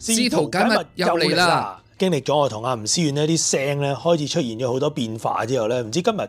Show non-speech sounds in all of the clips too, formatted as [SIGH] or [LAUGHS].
試圖今日又嚟啦！經歷咗我同阿吳思遠呢啲聲咧，開始出現咗好多變化之後咧，唔知今日。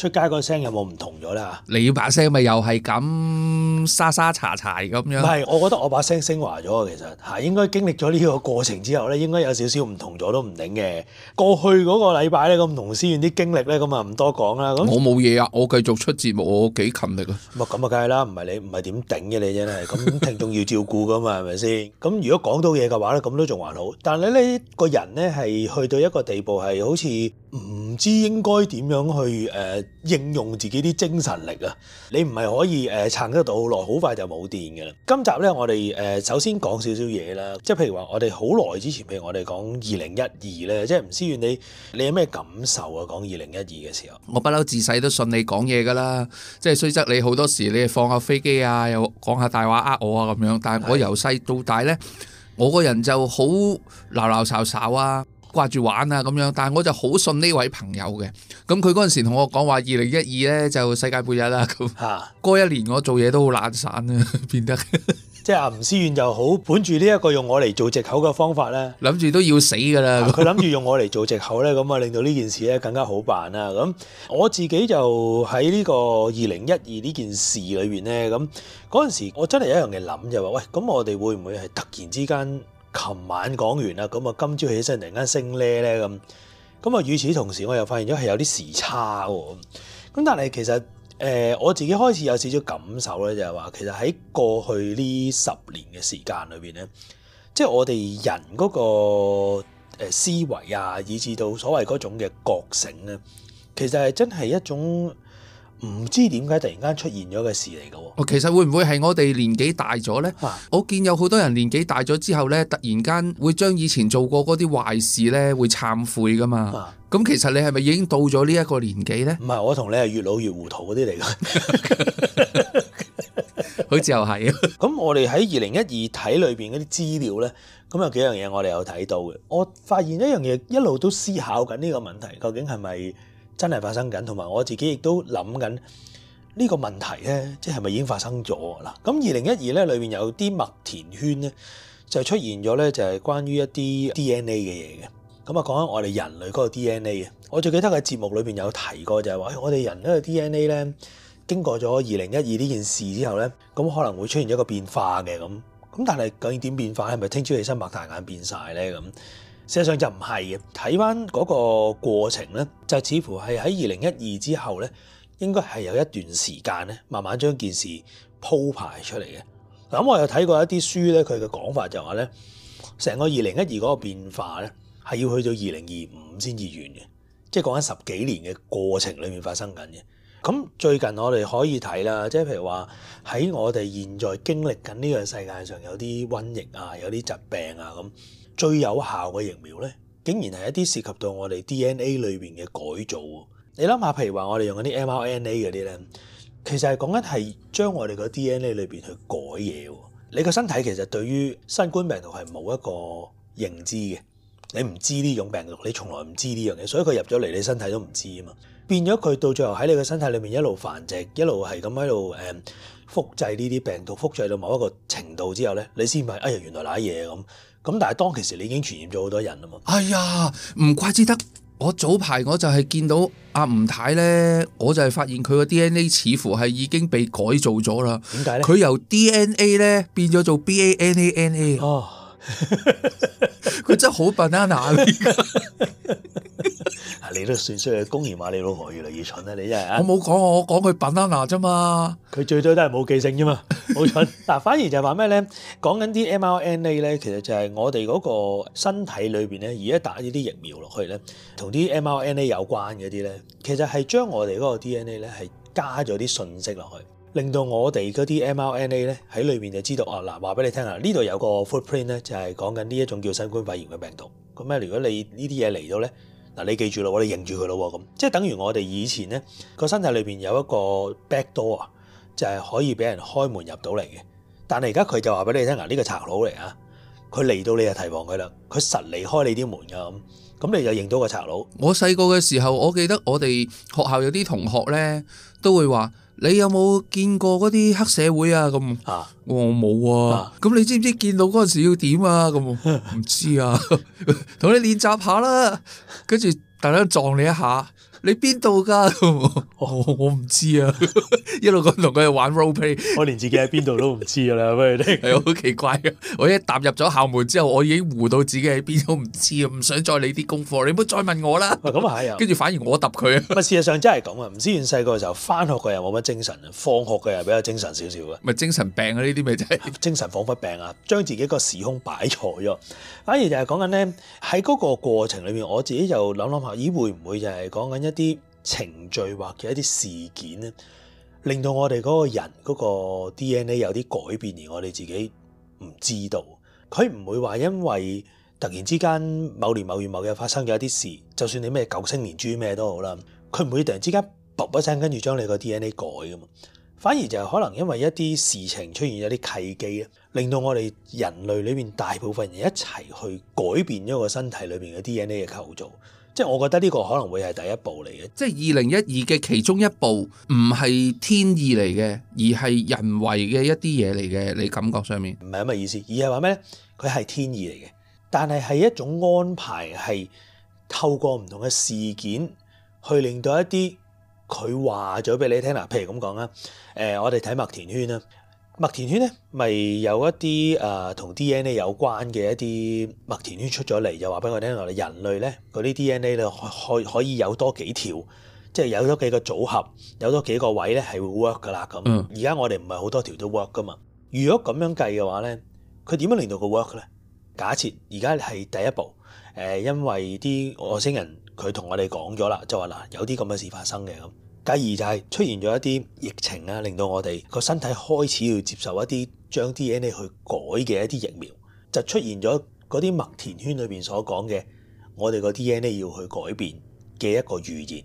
出街個聲有冇唔同咗咧嚇？你要把聲咪又係咁沙沙茶茶咁樣。唔係，我覺得我把聲升華咗啊，其實係應該經歷咗呢個過程之後咧，應該有少少唔同咗都唔頂嘅。過去嗰個禮拜咧咁同思遠啲經歷咧，咁啊唔多講啦。咁我冇嘢啊，我繼續出節目，我幾勤力啊。咁啊，咁啊，梗係啦，唔係你唔係點頂嘅你真係咁聽眾要照顧噶嘛，係咪先？咁如果講到嘢嘅話咧，咁都仲還好。但你咧個人咧係去到一個地步係好似唔知應該點樣去誒。應用自己啲精神力啊！你唔係可以誒、呃、撐得到好耐，好快就冇電嘅啦。今集呢，我哋誒、呃、首先講少少嘢啦，即係譬如話，我哋好耐之前，譬如我哋講二零一二呢，即係吳思遠，你你有咩感受啊？講二零一二嘅時候，我不嬲自細都信你講嘢噶啦，即係雖則你好多時你放下飛機啊，又講下大話呃我啊咁樣，但係我由細到大呢，我個人就好鬧鬧吵吵啊！掛住玩啊咁樣，但係我就好信呢位朋友嘅。咁佢嗰陣時同我講話，二零一二咧就世界末日啦。咁、啊、過一年我做嘢都好懶散啦，變得、啊、 [LAUGHS] 即係阿吳思遠就好，本住呢一個用我嚟做藉口嘅方法咧，諗住都要死㗎啦。佢諗住用我嚟做藉口咧，咁啊 [LAUGHS] 令到呢件事咧更加好辦啦。咁我自己就喺呢個二零一二呢件事裏邊咧，咁嗰陣時我真係有一樣嘢諗就話，喂，咁我哋會唔會係突然之間？琴晚講完啦，咁啊今朝起身突然間升咧咧咁，咁啊與此同時我又發現咗係有啲時差喎。咁但係其實誒我自己開始有少少感受咧，就係話其實喺過去呢十年嘅時間裏邊咧，即係我哋人嗰個誒思維啊，以至到所謂嗰種嘅覺醒咧，其實係真係一種。唔知點解突然間出現咗嘅事嚟嘅、啊，哦，其實會唔會係我哋年紀大咗呢？啊、我見有好多人年紀大咗之後呢，突然間會將以前做過嗰啲壞事呢會懺悔噶嘛？咁、啊、其實你係咪已經到咗呢一個年紀呢？唔係，我同你係越老越糊塗嗰啲嚟㗎。 [LAUGHS] [LAUGHS] 好似又係。咁 [LAUGHS] 我哋喺二零一二睇裏面嗰啲資料呢，咁有幾樣嘢我哋有睇到嘅。我發現一樣嘢，一路都思考緊呢個問題，究竟係咪？真係發生緊，同埋我自己亦都諗緊呢個問題呢，即係咪已經發生咗啦？咁二零一二呢裏面有啲麥田圈呢，就出現咗呢，就係關於一啲 DNA 嘅嘢嘅。咁啊，講緊我哋人類嗰個 DNA 啊，我最記得喺節目裏面有提過，就係話：我哋人類嘅 DNA 呢，經過咗二零一二呢件事之後呢，咁可能會出現一個變化嘅咁。咁但係究竟點變化？係咪聽朝起身擘大眼變晒呢？咁？事實上就唔係嘅，睇返嗰個過程咧，就似乎係喺二零一二之後咧，應該係有一段時間咧，慢慢將件事鋪排出嚟嘅。咁、嗯、我有睇過一啲書咧，佢嘅講法就話、是、咧，成個二零一二嗰個變化咧，係要去到二零二五先至完嘅，即係講緊十幾年嘅過程裡面發生緊嘅。咁、嗯、最近我哋可以睇啦，即係譬如話喺我哋現在經歷緊呢個世界上有啲瘟疫啊，有啲疾病啊咁。最有效嘅疫苗咧，竟然係一啲涉及到我哋 DNA 裏邊嘅改造啊。你諗下，譬如話我哋用嗰啲 mRNA 嗰啲咧，其實係講緊係將我哋個 DNA 裏邊去改嘢啊。你個身體其實對於新冠病毒係冇一個認知嘅，你唔知呢種病毒，你從來唔知呢樣嘢，所以佢入咗嚟你身體都唔知啊嘛。變咗佢到最後喺你個身體裏面一路繁殖，一路係咁喺度誒。複製呢啲病毒，複製到某一個程度之後呢，你先問，哎呀，原來瀨嘢咁。咁但係當其時你已經傳染咗好多人啦嘛。哎呀，唔怪之得，我早排我就係見到阿吳太呢，我就係發現佢個 DNA 似乎係已經被改造咗啦。點解呢？佢由 DNA 呢變咗做 banana。佢、哦、 [LAUGHS] 真係好 banana 㗎。你都算衰，公然話你老婆越嚟越蠢啊！你真係，我冇講，我講佢 Banana 啫嘛。佢最多都係冇記性啫嘛，冇蠢。嗱， [LAUGHS] 反而就話咩咧？講緊啲 mRNA 咧，其實就係我哋嗰個身體裏邊咧，而家打呢啲疫苗落去咧，同啲 mRNA 有關嗰啲咧，其實係將我哋嗰個 DNA 咧係加咗啲信息落去，令到我哋嗰啲 mRNA 咧喺裏邊就知道啊！嗱，話俾你聽啊，呢度有個 footprint 咧，就係講緊呢一種叫新冠肺炎嘅病毒。咁咧，如果你呢啲嘢嚟到咧，嗱，你記住咯，我哋認住佢咯，咁即係等於我哋以前咧個身體裏邊有一個 back door 啊，就係可以俾人開門入到嚟嘅。但係而家佢就話俾你聽，嗱，呢個賊佬嚟啊，佢嚟到你就提防佢啦，佢實嚟開你啲門㗎。咁，咁你就認到個賊佬。我細個嘅時候，我記得我哋學校有啲同學咧都會話。你有冇見過嗰啲黑社會啊？咁、啊哦，我冇啊。咁、啊、你知唔知見到嗰陣時要點啊？咁唔知啊，同 [LAUGHS] 你練習下啦，跟住突然間撞你一下。你邊度噶？我唔知啊！ [LAUGHS] 一路咁同佢玩 role play [LAUGHS] 我連自己喺邊度都唔知啦。喂，你好奇怪啊！我一踏入咗校門之後，我已經糊到自己喺邊都唔知啊！唔想再理啲功課，你唔好再問我啦。咁啊係啊！跟、嗯、住、嗯、反而我揼佢啊！事實上真係咁啊！唔知思遠細個嘅時候，翻學嘅又冇乜精神，放學嘅又，又比較精神少少啊。咪精神病啊！呢啲咪真係精神恍惚病啊！將自己個時空擺錯咗，反而就係講緊呢，喺嗰個過程裏面，我自己就諗諗下，咦會唔會就係講緊一啲程序或者一啲事件咧，令到我哋嗰個人嗰個 DNA 有啲改變，而我哋自己唔知道。佢唔會話因為突然之間某年某月某日發生咗一啲事，就算你咩九星連珠咩都好啦，佢唔會突然之間卜卜聲跟住將你個 DNA 改噶嘛。反而就係可能因為一啲事情出現咗啲契機咧，令到我哋人類裏邊大部分人一齊去改變咗個身體裏邊嘅 DNA 嘅構造。即係我覺得呢個可能會係第一步嚟嘅，即係二零一二嘅其中一步唔係天意嚟嘅，而係人為嘅一啲嘢嚟嘅。你感覺上面唔係咁嘅意思，而係話咩？佢係天意嚟嘅，但係係一種安排，係透過唔同嘅事件去令到一啲佢話咗俾你聽啦、啊。譬如咁講啦，誒、呃，我哋睇麥田圈啦。麥田圈咧，咪有一啲誒同 DNA 有關嘅一啲麥田圈出咗嚟，又話俾我聽話，人類咧嗰啲 DNA 咧，可可以有多幾條，即係有多幾個組合，有多幾個位咧係會 work 噶啦咁。而家我哋唔係好多條都 work 噶嘛。如果咁樣計嘅話咧，佢點樣令到個 work 咧？假設而家係第一步，誒，因為啲外星人佢同我哋講咗啦，就話嗱，有啲咁嘅事發生嘅咁。第二就係出現咗一啲疫情啊，令到我哋個身體開始要接受一啲將 D N A 去改嘅一啲疫苗，就出現咗啲麥田圈裏邊所講嘅，我哋個 D N A 要去改變嘅一個預言，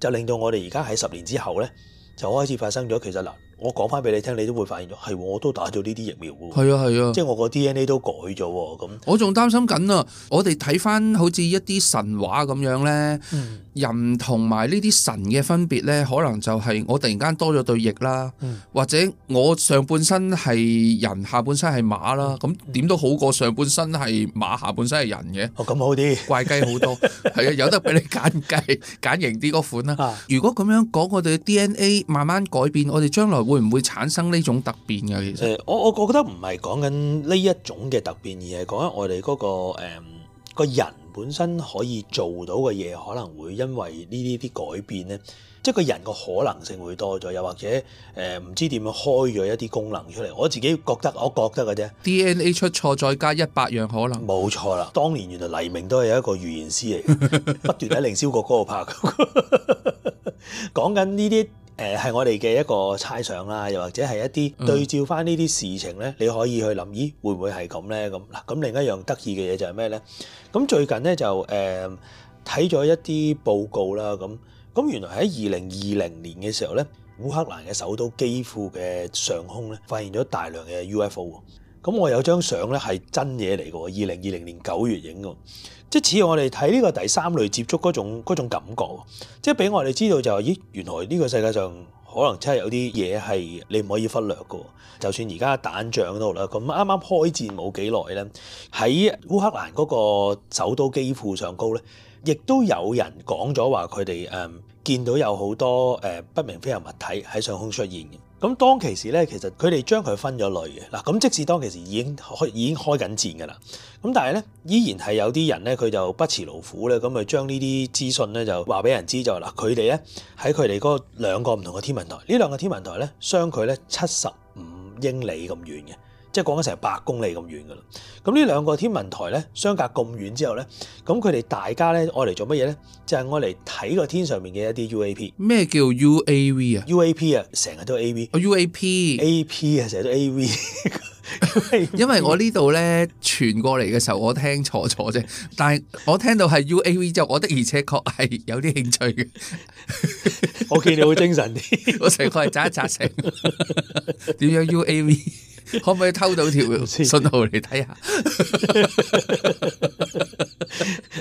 就令到我哋而家喺十年之後咧，就開始發生咗其實嗱。我講翻俾你聽，你都會發現咗，係我都打咗呢啲疫苗嘅。係啊係啊，即係我個 DNA 都改咗。咁我仲擔心緊啊！我哋睇翻好似一啲神話咁樣咧，嗯、人同埋呢啲神嘅分別咧，可能就係我突然間多咗對翼啦，嗯、或者我上半身係人，下半身係馬啦。咁點、嗯、都好過上半身係馬，下半身係人嘅。咁、哦、好啲，怪雞好多，係啊， [LAUGHS] 有得俾你揀雞，揀型啲嗰款啦。啊、如果咁樣講，我哋嘅 DNA 慢慢改變，我哋將來。會唔會產生呢種突變嘅？其實，我我覺得唔係講緊呢一種嘅突變，而係講緊我哋嗰、嗰個誒、呃、個人本身可以做到嘅嘢，可能會因為呢啲啲改變咧，即係個人個可能性會多咗，又或者誒唔、呃、知點樣開咗一啲功能出嚟。我自己覺得，我覺得嘅啫。DNA 出錯再加一百樣可能，冇錯啦。當年原來黎明都係一個預言師嚟，嘅， [LAUGHS] 不斷喺凌霄閣嗰度拍。講緊呢啲。誒係我哋嘅一個猜想啦，又或者係一啲對照翻呢啲事情咧，你可以去諗，咦會唔會係咁咧？咁嗱，咁另一樣得意嘅嘢就係咩咧？咁最近咧就誒睇咗一啲報告啦，咁咁原來喺二零二零年嘅時候咧，烏克蘭嘅首都基輔嘅上空咧發現咗大量嘅 UFO 喎。咁我有張相咧係真嘢嚟㗎喎，二零二零年九月影㗎。即似我哋睇呢個第三類接觸嗰種嗰種感覺，即係俾我哋知道就咦，原來呢個世界上可能真係有啲嘢係你唔可以忽略嘅。就算而家打仗都好啦，咁啱啱開戰冇幾耐咧，喺烏克蘭嗰個首都基輔上高咧，亦都有人講咗話佢哋誒見到有好多、嗯、不明飛行物體喺上空出現嘅。咁當其時咧，其實佢哋將佢分咗類嘅嗱，咁即使當其時已經開已經開緊戰㗎啦，咁但係咧依然係有啲人咧，佢就不辭勞苦咧，咁去將呢啲資訊咧就話俾人知就嗱，佢哋咧喺佢哋嗰兩個唔同嘅天文台，呢兩個天文台咧相距咧七十五英里咁遠嘅。即係講緊成百公里咁遠嘅啦，咁呢兩個天文台咧相隔咁遠之後咧，咁佢哋大家咧愛嚟做乜嘢咧？就係愛嚟睇個天上面嘅一啲 UAP。咩叫 UAV 啊？UAP 啊，成日都 AV。UAP，AP 啊，成日都 AV。因為我呢度咧傳過嚟嘅時候，我聽錯咗啫。 [LAUGHS] 但係我聽到係 UAV 之後，我的而且確係有啲興趣嘅。 [LAUGHS] 我見你好精神啲， [LAUGHS] 我是窄窄成個係扎一扎成。點 [LAUGHS] 樣 UAV？可唔可以偷到條信號嚟睇下？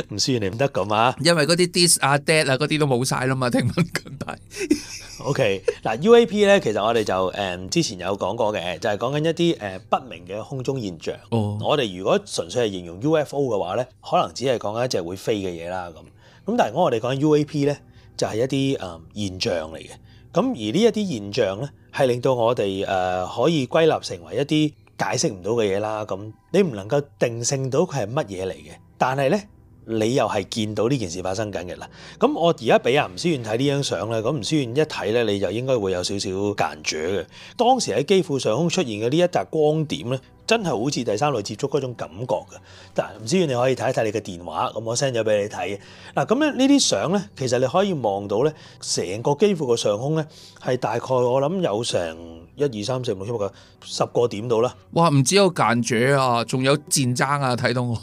唔算 [LAUGHS] 你唔得咁啊！因為嗰啲 dis 啊、dead 啊，嗰啲都冇晒啦嘛，聽聞咁大。 [LAUGHS] OK，嗱 UAP 咧，其實我哋就誒、嗯、之前有講過嘅，就係、是、講緊一啲誒、呃、不明嘅空中現象。Oh. 我哋如果純粹係形容 UFO 嘅話咧，可能只係講緊一隻會飛嘅嘢啦。咁咁，但係如果我哋講 UAP 咧，就係、是、一啲誒、嗯、現象嚟嘅。咁而呢一啲現象咧。係令到我哋可以歸納成為一啲解釋唔到嘅嘢啦，咁你唔能夠定性到佢係乜嘢嚟嘅，但係呢。你又係見到呢件事發生緊嘅啦，咁我而家俾阿吳思遠睇呢張相咧，咁吳思遠一睇咧，你就應該會有少少間諜嘅。當時喺基輔上空出現嘅呢一沓光點咧，真係好似第三類接觸嗰種感覺嘅。但，吳思遠你可以睇一睇你嘅電話，咁我 send 咗俾你睇嗱，咁咧呢啲相咧，其實你可以望到咧，成個基輔嘅上空咧，係大概我諗有成一二三四五六七八十個點到啦。哇，唔知道有間諜啊，仲有戰爭啊，睇到我。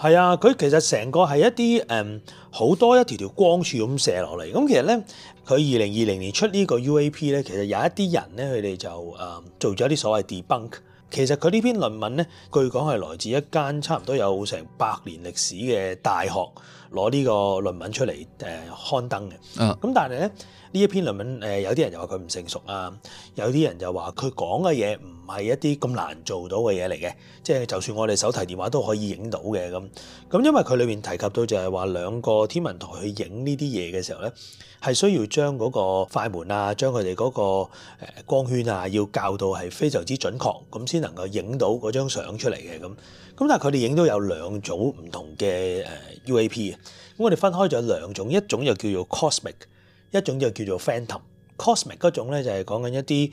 係啊，佢其實成個係一啲誒好多一條條光柱咁射落嚟。咁、嗯、其實咧，佢二零二零年出呢個 UAP 咧，其實有一啲人咧，佢哋就誒、嗯、做咗一啲所謂 debunk。其實佢呢篇論文咧，據講係來自一間差唔多有成百年歷史嘅大學攞呢個論文出嚟誒、呃、刊登嘅。咁、嗯、但係咧，呢一篇論文誒、呃、有啲人就話佢唔成熟啊，有啲人就話佢講嘅嘢唔，唔係一啲咁難做到嘅嘢嚟嘅，即係就算我哋手提電話都可以影到嘅咁。咁因為佢裏面提及到就係話兩個天文台去影呢啲嘢嘅時候咧，係需要將嗰個快門啊，將佢哋嗰個光圈啊，要校到係非常之準確，咁先能夠影到嗰張相出嚟嘅咁。咁但係佢哋影到有兩組唔同嘅誒 UAP 嘅，咁我哋分開咗有兩種，一種就叫做 Cosmic，一種就叫做 Phantom。Cosmic 嗰種咧就係講緊一啲誒，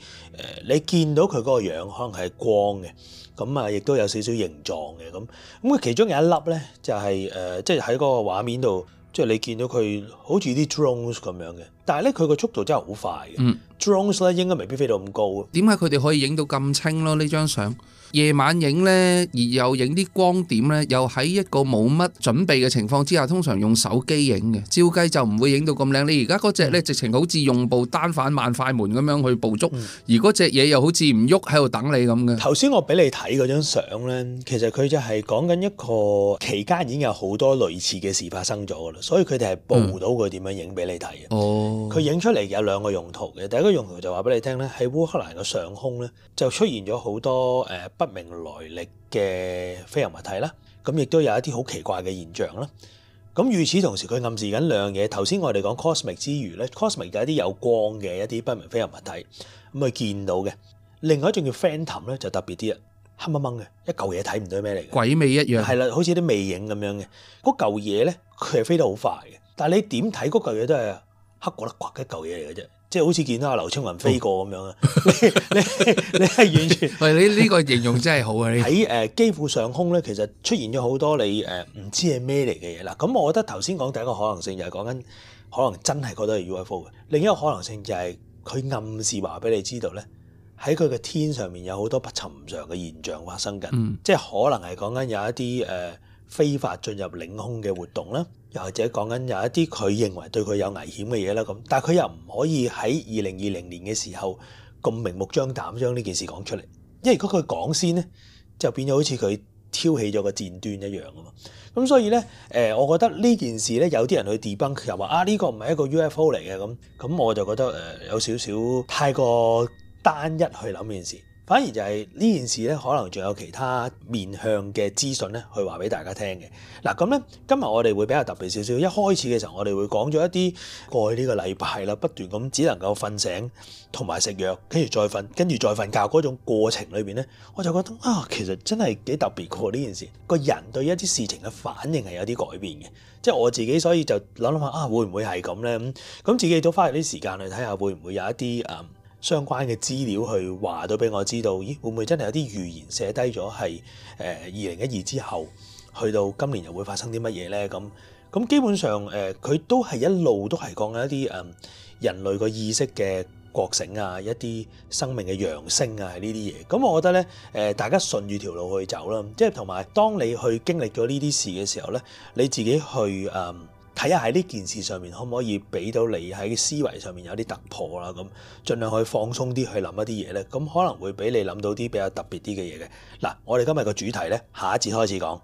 你見到佢嗰個樣可能係光嘅，咁啊亦都有少少形狀嘅咁。咁佢其中有一粒咧就係誒，即係喺嗰個畫面度，即係你見到佢好似啲 drone 咁樣嘅。但係咧佢個速度真係好快嘅。嗯，drone 咧應該未必飛到咁高。點解佢哋可以影到咁清咯？呢張相？夜晚影呢，而又影啲光點呢，又喺一個冇乜準備嘅情況之下，通常用手機影嘅。照計就唔會影到咁靚。你而家嗰隻呢，直情好似用部單反慢快門咁樣去捕捉，嗯、而嗰隻嘢又好似唔喐喺度等你咁嘅。頭先我俾你睇嗰張相呢，其實佢就係講緊一個期間已經有好多類似嘅事發生咗噶啦，所以佢哋係報到佢點樣影俾你睇嘅。哦，佢影出嚟有兩個用途嘅。第一個用途就話俾你聽呢，喺烏克蘭嘅上空呢，就出現咗好多、呃不明來歷嘅飛行物體啦，咁亦都有一啲好奇怪嘅現象啦。咁與此同時，佢暗示緊兩樣嘢。頭先我哋講 cosmic 之餘咧，cosmic 嘅一啲有光嘅一啲不明飛行物體，咁佢見到嘅另外一種叫 phantom 咧，就特別啲啊，黑掹掹嘅一嚿嘢睇唔到咩嚟嘅，鬼魅一樣，係啦，好似啲魅影咁樣嘅。嗰嚿嘢咧，佢係飛得好快嘅，但係你點睇嗰嚿嘢都係黑過得，嗰嚿嘢嚟嘅啫。即係好似見到阿劉青雲飛過咁樣啊！ [LAUGHS] 你你你係完全 [LAUGHS] 你呢個形容真係好啊！喺誒基輔上空咧，其實出現咗好多你唔知係咩嚟嘅嘢啦。咁我覺得頭先講第一個可能性就係講緊可能真係覺得係 UFO 嘅。另一個可能性就係佢暗示話俾你知道咧，喺佢嘅天上面有好多不尋常嘅現象發生緊，嗯、即係可能係講緊有一啲誒非法進入領空嘅活動啦。又或者講緊有一啲佢認為對佢有危險嘅嘢啦，咁但係佢又唔可以喺二零二零年嘅時候咁明目張膽將呢件事講出嚟，因為如果佢講先咧，就變咗好似佢挑起咗個戰端一樣啊嘛。咁所以咧，誒，我覺得呢件事咧，有啲人去 debunk 又話啊，呢、這個唔係一個 UFO 嚟嘅咁，咁我就覺得誒、呃、有少少太過單一去諗呢件事。反而就係呢件事咧，可能仲有其他面向嘅資訊咧，去話俾大家聽嘅。嗱，咁咧，今日我哋會比較特別少少。一開始嘅時候，我哋會講咗一啲過去呢個禮拜啦，不斷咁只能夠瞓醒同埋食藥，跟住再瞓，跟住再瞓覺嗰種過程裏面咧，我就覺得啊，其實真係幾特別過呢件事。個人對一啲事情嘅反應係有啲改變嘅，即係我自己，所以就諗諗下啊，會唔會係咁咧？咁自己都花咗啲時間去睇下，會唔會有一啲啊？嗯相關嘅資料去話到俾我知道，咦，會唔會真係有啲預言寫低咗係誒二零一二之後，去到今年又會發生啲乜嘢呢？咁咁基本上誒佢都係一路都係講緊一啲誒人類個意識嘅覺醒啊，一啲生命嘅揚升啊，呢啲嘢。咁我覺得呢，誒，大家順住條路去走啦，即係同埋當你去經歷咗呢啲事嘅時候呢，你自己去誒。嗯睇下喺呢件事上面可唔可以俾到你喺思維上面有啲突破啦咁，盡量去放鬆啲去諗一啲嘢咧，咁可能會俾你諗到啲比較特別啲嘅嘢嘅。嗱，我哋今日個主題咧，下一節開始講。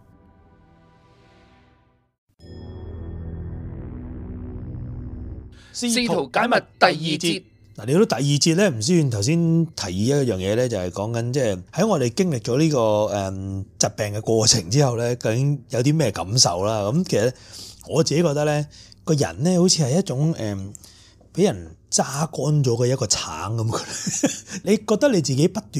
試圖解密第二節。嗱，你到第二節咧吳思遠頭先提議一樣嘢咧，就係講緊即係喺我哋經歷咗呢個誒疾病嘅過程之後咧，究竟有啲咩感受啦？咁其實。我自己覺得咧，個人咧好似係一種誒，俾人榨乾咗嘅一個橙咁。你覺得你自己不斷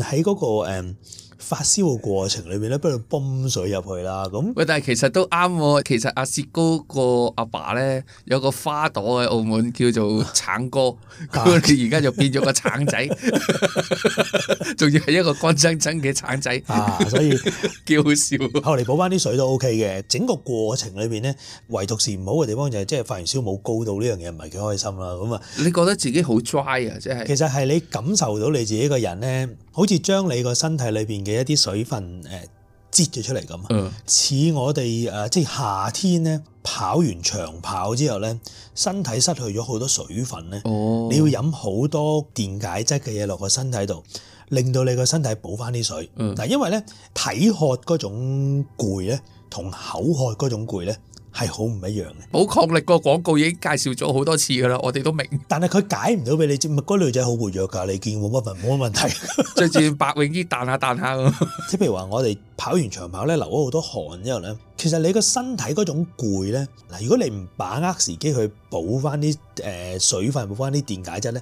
喺嗰個誒發燒嘅過程裏面咧，不如泵水入去啦。咁喂，但係其實都啱喎。其實阿雪高個阿爸咧，有個花朵喺澳門叫做橙哥，佢而家就變咗個橙仔，仲 [LAUGHS] 要係一個乾乾凈嘅橙仔啊！所以幾好笑。後嚟補翻啲水都 OK 嘅。整個過程裏面咧，唯獨是唔好嘅地方就係，即係發完燒冇高到呢樣嘢，唔係幾開心啦。咁啊，你覺得自己好 dry 啊？即係其實係你感受到你自己個人咧。好似將你個身體裏面嘅一啲水分誒擠咗出嚟咁，似、嗯、我哋誒即係夏天咧跑完長跑之後咧，身體失去咗好多水分咧，哦、你要飲好多電解質嘅嘢落個身體度，令到你個身體補翻啲水。嗱，嗯、因為咧體渴嗰種攰咧，同口渴嗰種攰咧，係好唔一樣嘅，寶礦力個廣告已經介紹咗好多次噶啦，我哋都明。但係佢解唔到俾你知，咪嗰女仔好活躍噶，你見冇乜問冇問題，最 [LAUGHS] 至白泳衣，衣彈下彈下，即係譬如話我哋跑完長跑咧，流咗好多汗之後咧，其實你個身體嗰種攰咧，嗱，如果你唔把握時機去補翻啲誒水分，補翻啲電解質咧，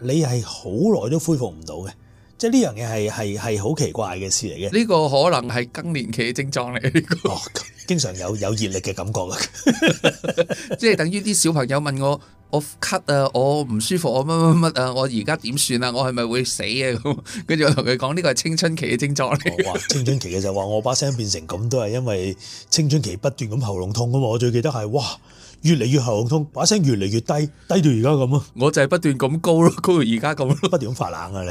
你係好耐都恢復唔到嘅。即係呢樣嘢，係係係好奇怪嘅事嚟嘅。呢個可能係更年期嘅症狀嚟。呢個哦，經常有有熱力嘅感覺 [LAUGHS] [LAUGHS] 即係等於啲小朋友問我： [LAUGHS] 我咳啊，我唔舒服，我乜乜乜啊，我而家點算啊？我係咪會死啊？咁 [LAUGHS] 跟住我同佢講：呢個係青春期嘅症狀。哇！青春期嘅就話我把聲變成咁，都係因為青春期不斷咁喉嚨痛㗎嘛！我最記得係哇。越嚟越喉痛，把聲越嚟越低，低到而家咁啊。我就係不斷咁高咯，高到而家咁，不斷咁發冷啊！你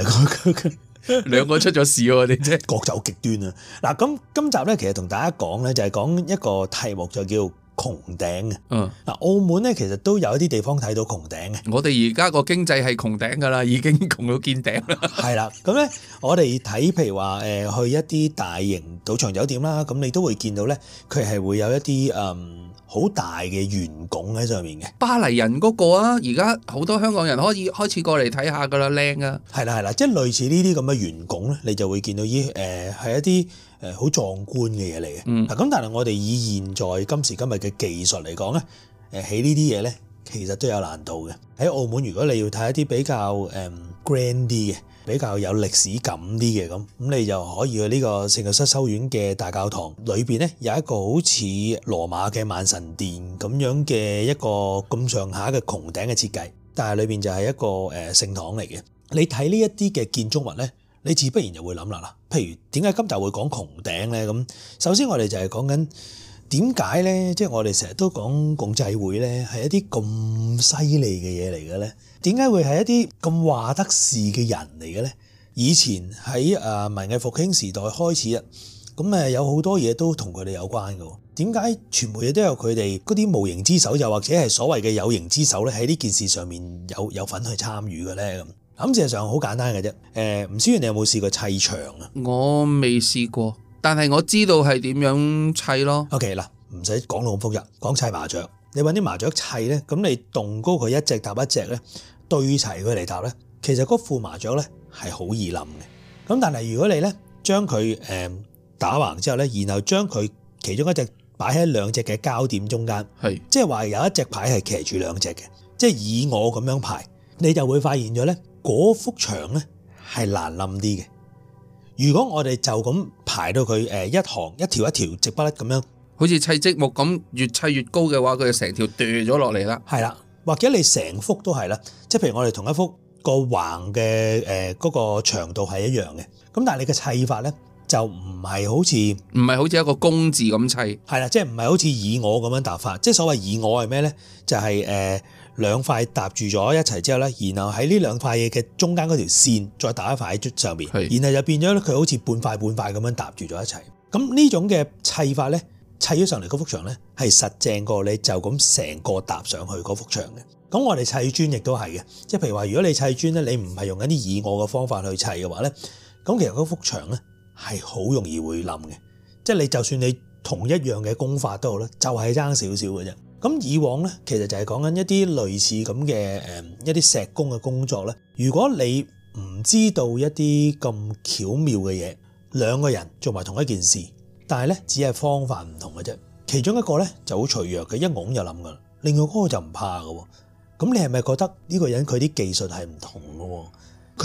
兩個出咗事啊！你真係各走極端啊！嗱，咁今集咧，其實同大家講咧，就係、是、講一個題目就叫穹頂啊！嗱、嗯，澳門咧，其實都有一啲地方睇到穹頂嘅。我哋而家個經濟係窮頂噶啦，已經窮到見頂啦。係啦，咁咧，我哋睇譬如話誒，去一啲大型賭場酒店啦，咁你都會見到咧，佢係會有一啲嗯。好大嘅圓拱喺上面嘅，巴黎人嗰個啊，而家好多香港人可以開始過嚟睇下噶啦，靚啊！係啦係啦，即係類似呢啲咁嘅圓拱咧，你就會見到依誒係一啲誒好壯觀嘅嘢嚟嘅。咁、嗯，但係我哋以現在今時今日嘅技術嚟講咧，起、呃、呢啲嘢咧其實都有難度嘅。喺澳門，如果你要睇一啲比較誒、呃、grand 啲嘅。比較有歷史感啲嘅咁，咁你就可以去呢個聖若瑟修院嘅大教堂裏邊咧，有一個好似羅馬嘅萬神殿咁樣嘅一個咁上下嘅穹頂嘅設計，但係裏邊就係一個誒聖堂嚟嘅。你睇呢一啲嘅建築物咧，你自不然就會諗啦啦，譬如點解今集會講穹頂咧咁？首先我哋就係講緊。點解咧？即係我哋成日都講共濟會咧，係一啲咁犀利嘅嘢嚟嘅咧。點解會係一啲咁話得事嘅人嚟嘅咧？以前喺誒文藝復興時代開始啊，咁誒有好多嘢都同佢哋有關嘅。點解全部嘢都有佢哋嗰啲無形之手，又或者係所謂嘅有形之手咧？喺呢件事上面有有份去參與嘅咧？咁事實上好簡單嘅啫。誒，思遠你有冇試過砌牆啊？我未試過。但係我知道係點樣砌咯。O K 啦，唔使講到咁複雜，講講砌麻雀。你揾啲麻雀砌呢？咁你棟高佢一隻搭一隻呢，對齊佢嚟搭呢。其實嗰副麻雀呢係好易冧嘅。咁但係如果你呢將佢誒、呃、打橫之後呢，然後將佢其中一隻擺喺兩隻嘅交點中間，是即係話有一隻牌係騎住兩隻嘅，即係以我咁樣排，你就會發現咗呢嗰幅牆呢係難冧啲嘅。如果我哋就咁。排到佢誒一行一條一條直筆甩咁樣，好似砌積木咁，越砌越高嘅話，佢就成條斷咗落嚟啦。係啦，或者你成幅都係啦，即係譬如我哋同一幅個橫嘅誒嗰個長度係一樣嘅，咁但係你嘅砌法咧就唔係好似，唔係好似一個公字咁砌，係啦，即係唔係好似以我咁樣打法，即係所謂以我係咩咧？就係、是、誒。呃兩塊搭住咗一齊之後咧，然後喺呢兩塊嘢嘅中間嗰條線再搭一塊喺上面，是然後就變咗佢好似半塊半塊咁樣搭住咗一齊。咁呢種嘅砌法咧，砌咗上嚟嗰幅牆咧係實正過你就咁成個搭上去嗰幅牆嘅。咁我哋砌磚亦都係嘅，即係譬如話如果你砌磚咧，你唔係用緊啲以我嘅方法去砌嘅話咧，咁其實嗰幅牆咧係好容易會冧嘅。即係你就算你同一樣嘅功法都好啦，就係爭少少嘅啫。咁以往呢，其實就係講緊一啲類似咁嘅誒一啲石工嘅工作呢。如果你唔知道一啲咁巧妙嘅嘢，兩個人做埋同一件事，但係呢，只係方法唔同嘅啫。其中一個呢，就好脆弱嘅，一拱就冧㗎啦。另外嗰個就唔怕㗎喎。咁你係咪覺得呢個人佢啲技術係唔同㗎喎？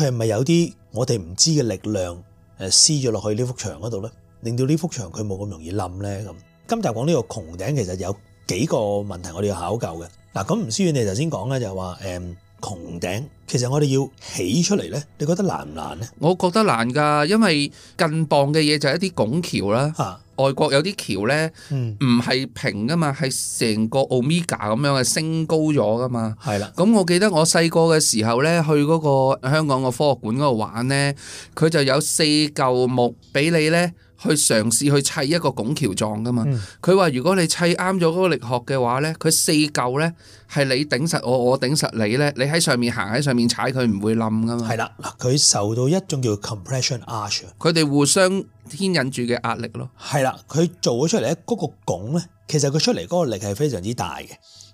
佢係咪有啲我哋唔知嘅力量施咗落去呢幅牆嗰度呢？令到呢幅牆佢冇咁容易冧呢。咁，今集講呢個穹頂其實有。幾個問題我哋要考究嘅嗱，咁吳思遠你頭先講咧就係話，誒、嗯，穹頂其實我哋要起出嚟咧，你覺得難唔難咧？我覺得難噶，因為更磅嘅嘢就係一啲拱橋啦，啊、外國有啲橋咧，唔係平噶嘛，係成個歐米伽咁樣嘅升高咗噶嘛。係啦，咁我記得我細個嘅時候咧，去嗰個香港個科學館嗰度玩咧，佢就有四嚿木俾你咧。去嘗試去砌一個拱橋狀噶嘛？佢話、嗯、如果你砌啱咗嗰個力學嘅話咧，佢四嚿咧係你頂實我，我頂實你咧，你喺上面行，喺上面踩佢唔會冧噶嘛？係啦，嗱佢受到一種叫 compression arch，佢哋互相牽引住嘅壓力咯。係啦，佢做咗出嚟咧，嗰個拱咧，其實佢出嚟嗰個力係非常之大嘅，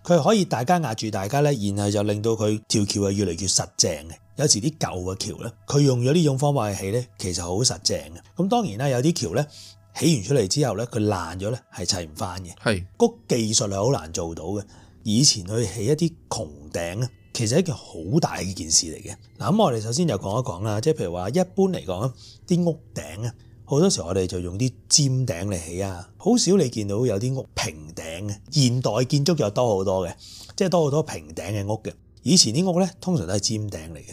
佢可以大家壓住大家咧，然後就令到佢條橋係越嚟越實正嘅。有時啲舊嘅橋咧，佢用咗呢種方法去起咧，其實好實正嘅。咁當然啦，有啲橋咧起完出嚟之後咧，佢爛咗咧係砌唔翻嘅。係，個是技術係好難做到嘅。以前去起一啲穹頂，其實一件好大嘅件事嚟嘅。嗱，咁我哋首先就講一講啦，即係譬如話一般嚟講啲屋頂啊，好多時我哋就用啲尖頂嚟起啊，好少你見到有啲屋平頂嘅。現代建築就多好多嘅，即係多好多平頂嘅屋嘅。以前啲屋咧，通常都係尖頂嚟嘅，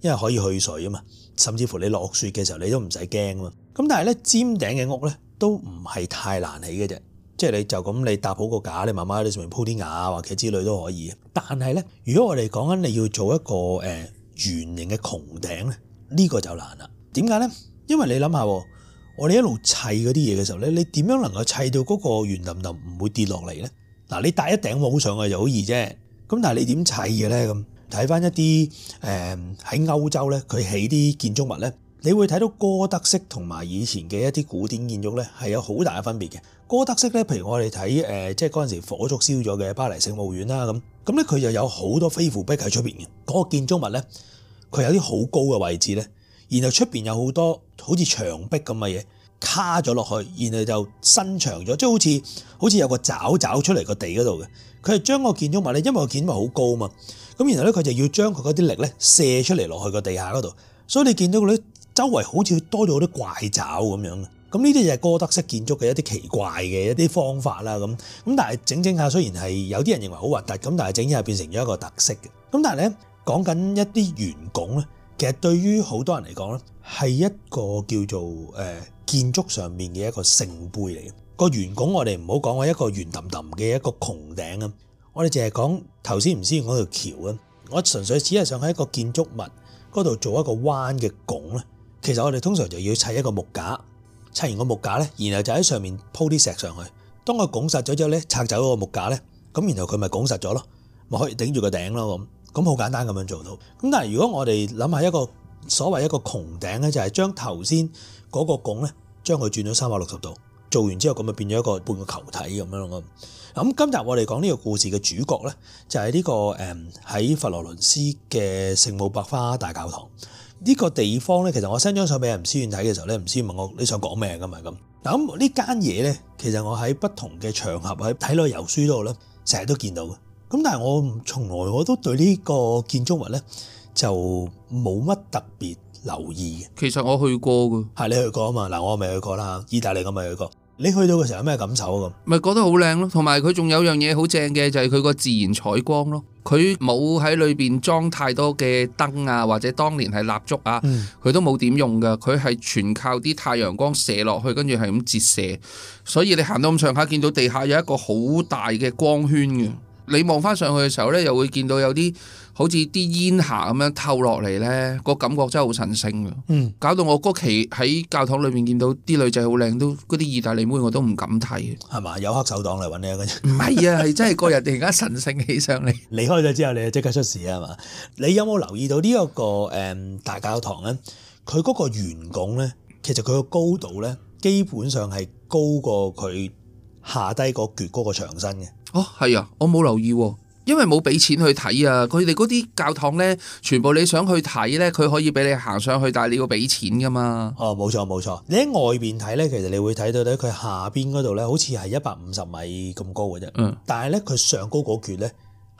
因為可以去水啊嘛。甚至乎你落雪嘅時候，你都唔使驚啊嘛。咁但係咧，尖頂嘅屋咧都唔係太難起嘅啫，即係你就咁你搭好個架，你慢慢你上面鋪啲瓦或者之類都可以。但係咧，如果我哋講緊你要做一個誒、呃、圓形嘅穹頂咧，呢個就難啦。點解咧？因為你諗下，我哋一路砌嗰啲嘢嘅時候咧，你點樣能夠砌到嗰個圓凼凼唔會跌落嚟咧？嗱，你帶一頂帽上去就好易啫。咁但係你點砌嘅咧？咁睇翻一啲誒喺歐洲咧，佢起啲建築物咧，你會睇到哥德式同埋以前嘅一啲古典建築咧，係有好大嘅分別嘅。哥德式咧，譬如我哋睇誒，即係嗰陣時火燭燒咗嘅巴黎聖母院啦，咁咁咧佢又有好多飛扶壁喺出面嘅。嗰個建築物咧，佢有啲好高嘅位置咧，然後出面有好多好似牆壁咁嘅嘢。卡咗落去，然後就伸長咗，即係好似好似有個爪爪出嚟個地嗰度嘅。佢係將個建築物咧，因為個建築物好高嘛，咁然後咧佢就要將佢嗰啲力咧射出嚟落去個地下嗰度。所以你見到佢咧，周圍好似多咗好啲怪爪咁樣嘅。咁呢啲就係哥德式建築嘅一啲奇怪嘅一啲方法啦。咁咁但係整整下，雖然係有啲人認為好核突，咁但係整整下變成咗一個特色嘅。咁但係咧講緊一啲圓拱咧，其實對於好多人嚟講咧係一個叫做、呃建築上面嘅一個聖杯嚟嘅個圓拱，我哋唔好講我一個圓氹氹嘅一個穹頂啊！我哋淨係講頭先唔知講條橋啊！我純粹只係想喺一個建築物嗰度做一個彎嘅拱咧。其實我哋通常就要砌一個木架，砌完個木架咧，然後就喺上面鋪啲石上去。當佢拱實咗之後咧，拆走嗰個木架咧，咁然後佢咪拱實咗咯，咪可以頂住個頂咯咁。咁好簡單咁樣做到。咁但係如果我哋諗下一個所謂一個穹頂咧，就係將頭先。嗰個拱咧，將佢轉咗三百六十度，做完之後咁咪變咗一個半個球體咁樣咯。咁今集我哋講呢個故事嘅主角咧，就係呢個誒喺佛羅倫斯嘅聖母百花大教堂呢個地方咧。其實我新張相俾人吳思遠睇嘅時候咧，吳思遠問我你想講咩嘅嘛咁。嗱咁呢間嘢咧，其實我喺不同嘅場合喺睇旅遊書度咧，成日都見到嘅。咁但係我從來我都對呢個建築物咧就冇乜特別。留意，其實我去過㗎。係，你去過啊嘛。嗱，我咪去過啦，意大利咁咪去過。你去到嘅時候有咩感受？咁咪覺得好靚咯，同埋佢仲有樣嘢好正嘅就係佢個自然採光咯，佢冇喺裏邊裝太多嘅燈啊，或者當年係蠟燭啊，佢都冇點用㗎，佢係全靠啲太陽光射落去，跟住係咁折射，所以你行到咁上下見到地下有一個好大嘅光圈嘅，你望翻上去嘅時候呢，又會見到有啲。好似啲煙霞咁樣透落嚟咧，個感覺真係好神聖嘅。嗯，搞到我嗰期喺教堂裏面見到啲女仔好靚，都嗰啲意大利妹我都唔敢睇。係嘛，有黑手黨嚟搵你啊！唔係啊，係真係個人突然間神聖起上嚟。離開咗之後你就即刻出事啊嘛！你有冇留意到呢一個誒大教堂咧？佢嗰個圓拱咧，其實佢個高度咧，基本上係高過佢下低個撅嗰個牆身嘅。哦，係啊，我冇留意哦。因為冇俾錢去睇啊！佢哋嗰啲教堂咧，全部你想去睇咧，佢可以俾你行上去，但係你要俾錢噶嘛。哦，冇錯冇錯。你喺外面睇咧，其實你會睇到咧，佢下邊嗰度咧，好似係一百五十米咁高嘅啫。嗯。但係咧，佢上高嗰橛咧，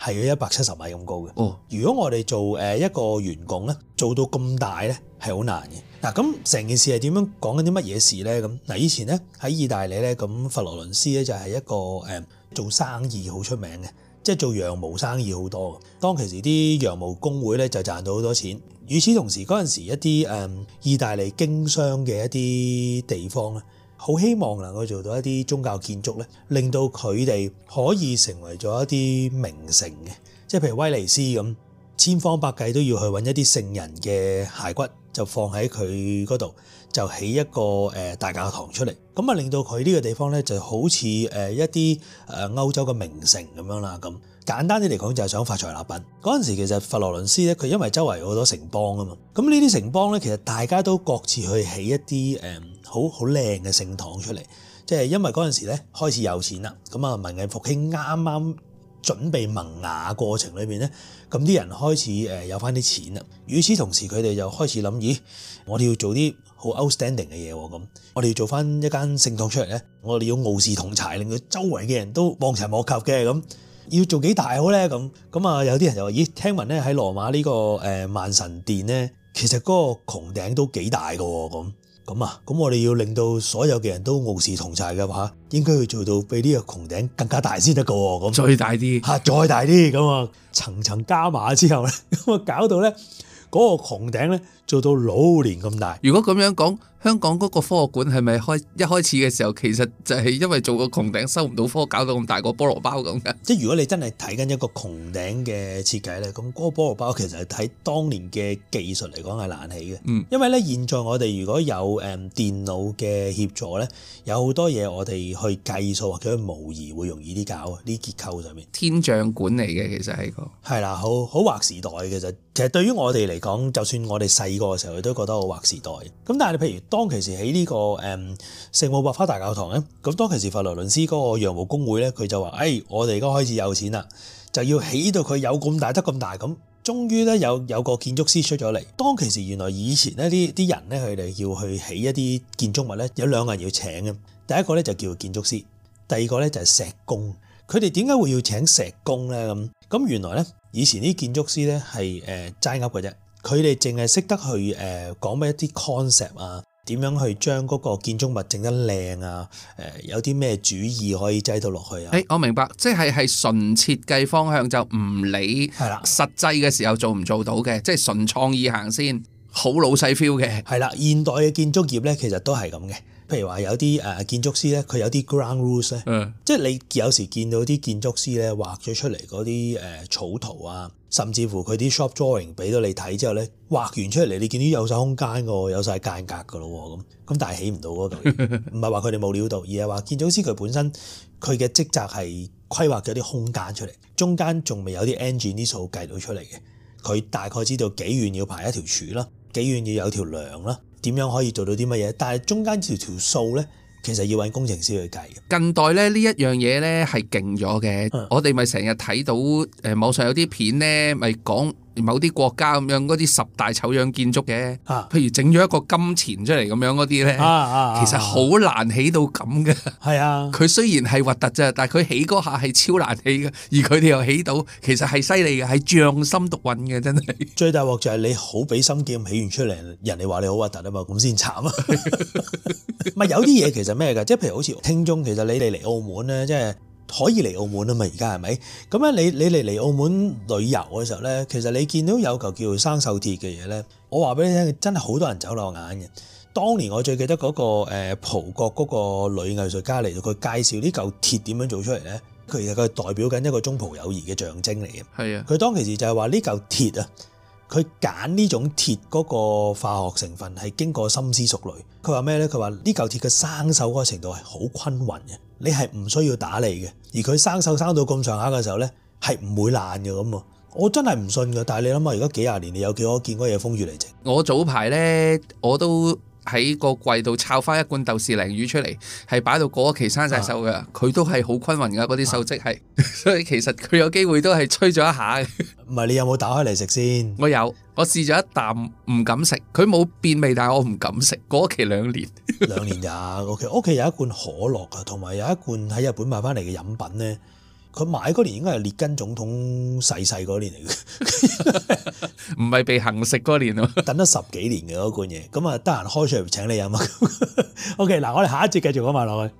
係要一百七十米咁高嘅。哦。如果我哋做誒一個圓拱咧，做到咁大咧，係好難嘅。嗱，咁成件事係點樣講緊啲乜嘢事咧？咁嗱，以前咧喺意大利咧，咁佛羅倫斯咧就係一個、嗯、做生意好出名嘅。即係做羊毛生意，好多當其時啲羊毛工會咧，就賺到好多錢。與此同時，嗰陣時一啲、嗯、意大利經商嘅一啲地方咧，好希望能夠做到一啲宗教建築咧，令到佢哋可以成為咗一啲名城嘅。即係譬如威尼斯咁，千方百計都要去揾一啲聖人嘅骸骨，就放喺佢嗰度。就起一個大教堂出嚟，咁啊令到佢呢個地方咧就好似一啲誒歐洲嘅名城咁樣啦。咁簡單啲嚟講，就係想發財立品。嗰陣時其實佛羅倫斯咧，佢因為周圍好多城邦啊嘛，咁呢啲城邦咧，其實大家都各自去起一啲誒好好靚嘅聖堂出嚟，即係因為嗰陣時咧開始有錢啦。咁啊，文藝復興啱啱準備萌芽過程裏面咧，咁啲人開始有翻啲錢啦。與此同時，佢哋就開始諗：咦，我哋要做啲好 outstanding 嘅嘢，咁我哋要做翻一間聖堂出嚟咧，我哋要傲視同儕，令到周圍嘅人都望塵莫及嘅，咁要做幾大好咧？咁咁啊，有啲人就話，咦，聽聞咧，喺羅馬呢個誒萬神殿咧，其實嗰個穹頂都幾大㗎，咁咁啊，咁我哋要令到所有嘅人都傲視同儕嘅話，應該要做到比呢個穹頂更加大先得㗎，咁再大啲吓，再大啲咁啊，層層加碼之後咧，咁啊搞到咧。嗰個穹頂咧做到老年咁大，如果咁樣講。香港嗰個科學館係咪開一開始嘅時候，其實就係因為做個穹頂收唔到科，搞到咁大個菠蘿包咁嘅。即係如果你真係睇緊一個穹頂嘅設計咧，咁、那、嗰個菠蘿包其實係喺當年嘅技術嚟講係難起嘅。嗯，因為咧現在我哋如果有誒電腦嘅協助咧，有好多嘢我哋去計數或者模擬會容易啲搞呢結構上面。天象館嚟嘅其實係個係啦，好好劃時代嘅啫。其實對於我哋嚟講，就算我哋細個嘅時候，佢都覺得好劃時代。咁但係你譬如當其時喺呢個誒聖母百花大教堂咧，咁當其時佛羅倫斯嗰個羊毛公會咧，佢就話，誒，我哋而家開始有錢啦，就要起到佢有咁大得咁大咁。終於咧，有有個建築師出咗嚟。當其時原來以前咧啲啲人咧，佢哋要去起一啲建築物咧，有兩個人要請嘅。第一個咧就叫建築師，第二個咧就係石工。佢哋點解會要請石工咧？咁咁原來咧，以前啲建築師咧係誒齋噏嘅啫，佢哋淨係識得去誒講咩一啲 concept 啊。點樣去將嗰個建築物整得靚啊？誒，有啲咩主意可以製到落去啊？誒、欸，我明白，即係係純設計方向就唔理係啦，實際嘅時候做唔做到嘅，的即係純創意行先，好老細 feel 嘅。係啦，現代嘅建築業咧，其實都係咁嘅。譬如話有啲誒建築師咧，佢有啲 ground rules 咧、嗯，即係你有時見到啲建築師咧畫咗出嚟嗰啲誒草圖啊。甚至乎佢啲 shop drawing 俾到你睇之後咧，畫完出嚟，你見到有晒空間㗎喎，有晒間隔㗎咯喎，咁咁但係起唔到度，唔係話佢哋冇料到，而係話建築師佢本身佢嘅職責係規劃咗啲空間出嚟，中間仲未有啲 engine 呢數計到出嚟嘅，佢大概知道幾遠要排一條柱啦，幾遠要有條梁啦，點樣可以做到啲乜嘢，但係中間條條數咧。其實要揾工程師去計嘅。近代咧，呢一樣嘢咧，係勁咗嘅，我哋咪成日睇到誒網上有啲片咧，咪講，某啲國家咁樣嗰啲十大醜樣建築嘅，啊、譬如整咗一個金錢出嚟咁樣嗰啲呢，啊啊、其實好難起到咁嘅。係啊，佢雖然係核突啫，的但係佢起嗰下係超難起嘅，而佢哋又起到，其實係犀利嘅，係匠心獨運嘅，真係。最大鑊就係你好俾心機咁起完出嚟，人哋話你好核突啊嘛，咁先慘啊！咪 [LAUGHS] [LAUGHS] [LAUGHS] 有啲嘢其實咩㗎？即係譬如好似聽眾，其實你哋嚟澳門呢，即係。可以嚟澳門啊嘛，而家係咪？咁樣你你嚟嚟澳門旅遊嘅時候咧，其實你見到有嚿叫做生鏽鐵嘅嘢咧，我話俾你聽，真係好多人走漏眼嘅。當年我最記得嗰個誒葡國嗰個女藝術家嚟到，佢介紹呢嚿鐵點樣做出嚟咧。佢其實佢代表緊一個中葡友誼嘅象徵嚟嘅。係啊的，佢當其時就係話呢嚿鐵啊，佢揀呢種鐵嗰個化學成分係經過深思熟慮。佢話咩咧？佢話呢嚿鐵嘅生鏽嗰個程度係好均勻嘅。你係唔需要打理嘅，而佢生鏽生到咁上下嘅時候咧，係唔會爛嘅。咁我真係唔信嘅，但係你諗下，而家幾十年，你有幾多見過嘢風雨嚟整？我早排呢，我都。喺個櫃度抄翻一罐豆豉鯪魚出嚟，係擺到過期生晒鏽嘅，佢、啊、都係好均匀噶，嗰啲鏽跡係，啊、 [LAUGHS] 所以其實佢有機會都係吹咗一下嘅。唔係你有冇打開嚟食先？我有，我試咗一啖，唔敢食。佢冇變味，但係我唔敢食。過期兩年，兩 [LAUGHS] 年咋。OK，屋企屋企有一罐可樂噶，同埋有一罐喺日本買翻嚟嘅飲品咧。佢買嗰年應該係列根總統逝世嗰年嚟嘅，唔係被行食嗰年咯。 [LAUGHS] 等咗十幾年嘅嗰罐嘢，咁啊得閒開出嚟請你飲啊 OK，嗱我哋下一節繼續講埋落去。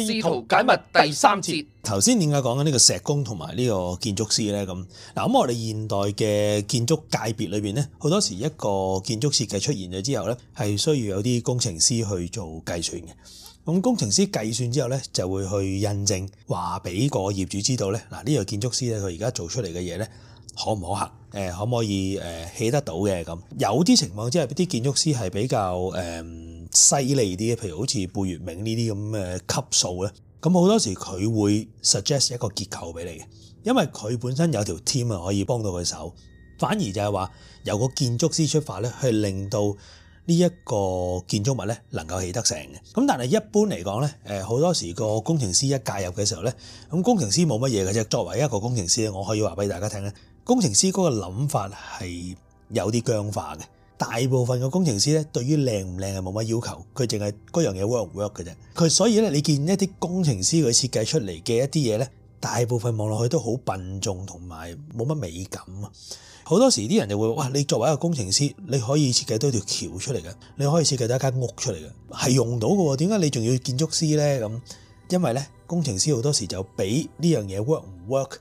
試圖解密第三節，頭先點解講緊呢個石工同埋呢個建築師咧，咁，嗱，咁我哋現代嘅建築界別裏邊咧，好多時一個建築設計出現咗之後咧，係需要有啲工程師去做計算嘅。咁工程師計算之後咧，就會去印證話俾個業主知道咧。嗱，呢個建築師咧，佢而家做出嚟嘅嘢咧，可唔可行，誒可唔可以誒起得到嘅。咁有啲情況之下，啲建築師係比較、嗯犀利啲，譬如好似貝聿銘呢啲咁嘅級數咧，咁好多時佢會 suggest 一個結構俾你嘅，因為佢本身有條 team 啊可以幫到佢手。反而就係話由個建築師出發咧，去令到呢一個建築物咧能夠起得成嘅。咁但係一般嚟講咧，誒好多時個工程師一介入嘅時候咧，咁工程師冇乜嘢嘅啫。作為一個工程師，我可以話俾大家聽咧，工程師嗰個諗法係有啲僵化嘅。大部分嘅工程師咧，對於靚唔靚係冇乜要求，佢淨係嗰樣嘢 work 唔 work 嘅啫。佢所以咧，你見一啲工程師佢設計出嚟嘅一啲嘢咧，大部分望落去都好笨重同埋冇乜美感啊。好多時啲人就會話，你作為一個工程師，你可以設計多條橋出嚟嘅，你可以設計多間屋出嚟嘅，係用到嘅喎。點解你仲要建築師咧？咁因為咧，工程師好多時就俾呢樣嘢 work 唔 work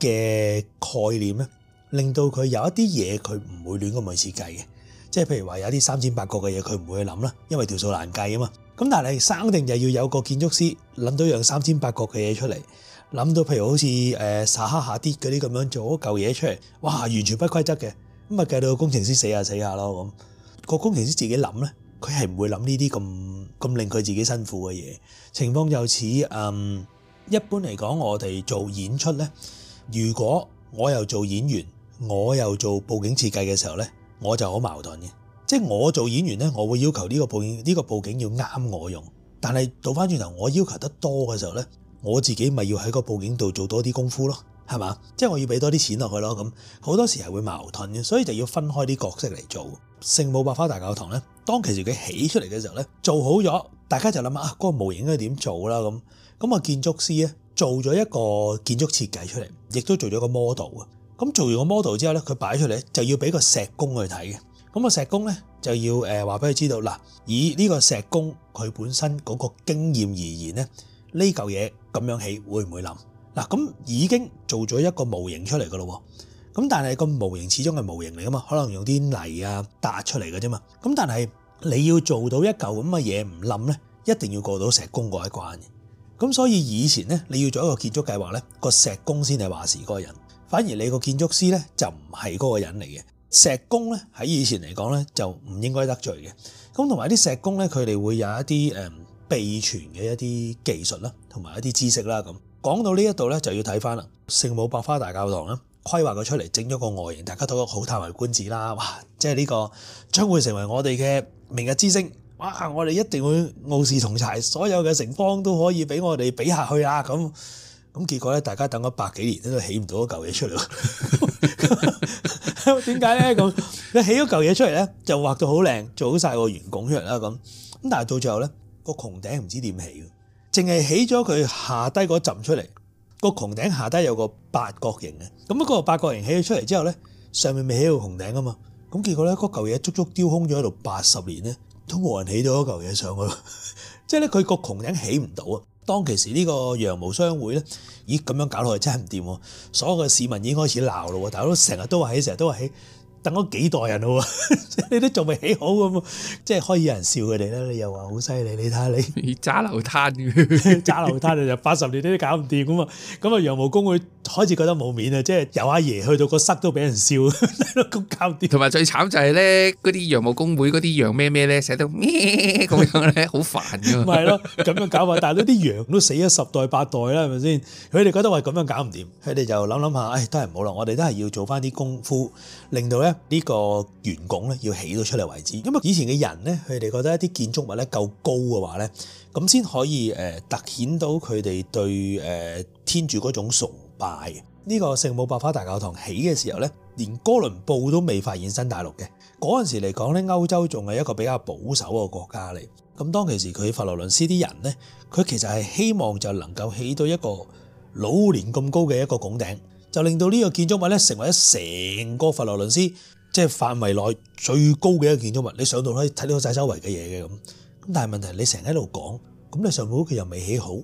嘅概念咧，令到佢有一啲嘢佢唔會亂咁去設計嘅。即係譬如話有一啲三尖八角嘅嘢，佢唔會去諗啦，因為條數難計啊嘛。咁但係你生定就要有個建築師諗到樣三尖八角嘅嘢出嚟，諗到譬如好似誒撒哈下跌嗰啲咁樣做嗰舊嘢出嚟，哇，完全不規則嘅，咁啊計到工程師死下死下咯咁。個工程師自己諗咧，佢係唔會諗呢啲咁咁令佢自己辛苦嘅嘢。情況就似嗯，一般嚟講，我哋做演出咧，如果我又做演員，我又做佈景設計嘅時候咧。我就好矛盾嘅，即係我做演員呢，我會要求呢個佈景呢，呢個佈景要啱我用，但係倒翻轉頭，我要求得多嘅時候呢，我自己咪要喺個佈景度做多啲功夫咯，係嘛？即係我要俾多啲錢落去咯，咁好多時係會矛盾嘅，所以就要分開啲角色嚟做。聖母百花大教堂呢，當其時佢起出嚟嘅時候呢，做好咗，大家就諗下嗰個模型應該點做啦咁，咁啊、嗰個、建築師呢做咗一個建築設計出嚟，亦都做咗個 model 咁做完個 model 之後咧，佢擺出嚟就要俾個石工去睇嘅。咁個石工咧就要誒話俾佢知道嗱，以呢個石工佢本身嗰個經驗而言咧，呢嚿嘢咁樣起會唔會冧嗱？咁已經做咗一個模型出嚟喇咯。咁但係個模型始終係模型嚟噶嘛，可能用啲泥啊搭出嚟嘅啫嘛。咁但係你要做到一嚿咁嘅嘢唔冧咧，一定要過到石工嗰一關嘅。咁所以以前咧，你要做一個建築計劃咧，個石工先係話事嗰個人。反而你個建築師咧就唔係嗰個人嚟嘅，石工咧喺以前嚟講咧就唔應該得罪嘅。咁同埋啲石工咧，佢哋會有一啲誒秘傳嘅一啲技術啦，同埋一啲知識啦。咁講到呢一度咧，就要睇翻啦。聖母百花大教堂啦，規劃佢出嚟整咗個外形，大家都好歎為觀止啦。哇！即係呢個將會成為我哋嘅明日之星。哇！我哋一定會傲視同儕，所有嘅城邦都可以俾我哋比下去啦。咁。咁結果咧，大家等咗百幾年都起唔到一嚿嘢出嚟喎。 [LAUGHS] 點解咧？咁佢起咗嚿嘢出嚟咧，就畫到好靚，做好晒個圓拱出嚟啦。咁咁，但係到最後咧，個穹頂唔知點起嘅，淨係起咗佢下低嗰陣出嚟，個穹頂下低有個八角形嘅。咁、嗰個八角形起咗出嚟之後咧，上面未起個穹頂啊嘛。咁結果咧，嗰嚿嘢足足丟空咗喺度八十年咧，都冇人起到一嚿嘢上去。即係咧，佢個穹頂起唔到啊！當其時呢個羊毛商會咧，咦咁樣搞落去真係唔掂喎！所有嘅市民已經開始鬧啦喎！大家都成日都話起，成日都話起，等咗幾代人啦喎，你都仲未起好咁啊！即係可以有人笑佢哋咧？你又話好犀利？你睇下你揸流攤，揸流攤，你就八十年都都搞唔掂咁嘛。咁啊，羊毛工會。開始覺得冇面啊！即係有阿爺去到個室都俾人笑， [LAUGHS] 搞掂，同埋最慘就係咧，嗰啲羊毛工會，嗰啲羊什麼什麼咩咩咧，寫咩咁樣咧，好煩㗎。咪係咯，咁樣搞法，但係咧，啲羊都死咗十代八代啦，係咪先？佢哋覺得話咁樣搞唔掂，佢哋就諗諗下，唉、哎，都係唔好啦，我哋都係要做翻啲功夫，令到咧呢個圓拱咧要起到出嚟為止。因為以前嘅人咧，佢哋覺得一啲建築物咧夠高嘅話咧，咁先可以誒突顯到佢哋對誒天主嗰種崇。呢個聖母百花大教堂起嘅時候呢，連哥倫布都未發現新大陸嘅。嗰陣時嚟講呢，歐洲仲係一個比較保守嘅國家嚟。咁當其時佢佛羅倫斯啲人呢，佢其實係希望就能夠起到一個老年咁高嘅一個拱頂，就令到呢個建築物呢成為咗成個佛羅倫斯即係範圍內最高嘅一個建築物。你上到可以睇到曬周圍嘅嘢嘅咁。咁但係問題係你成日喺度講，咁你上面嗰個又未起好。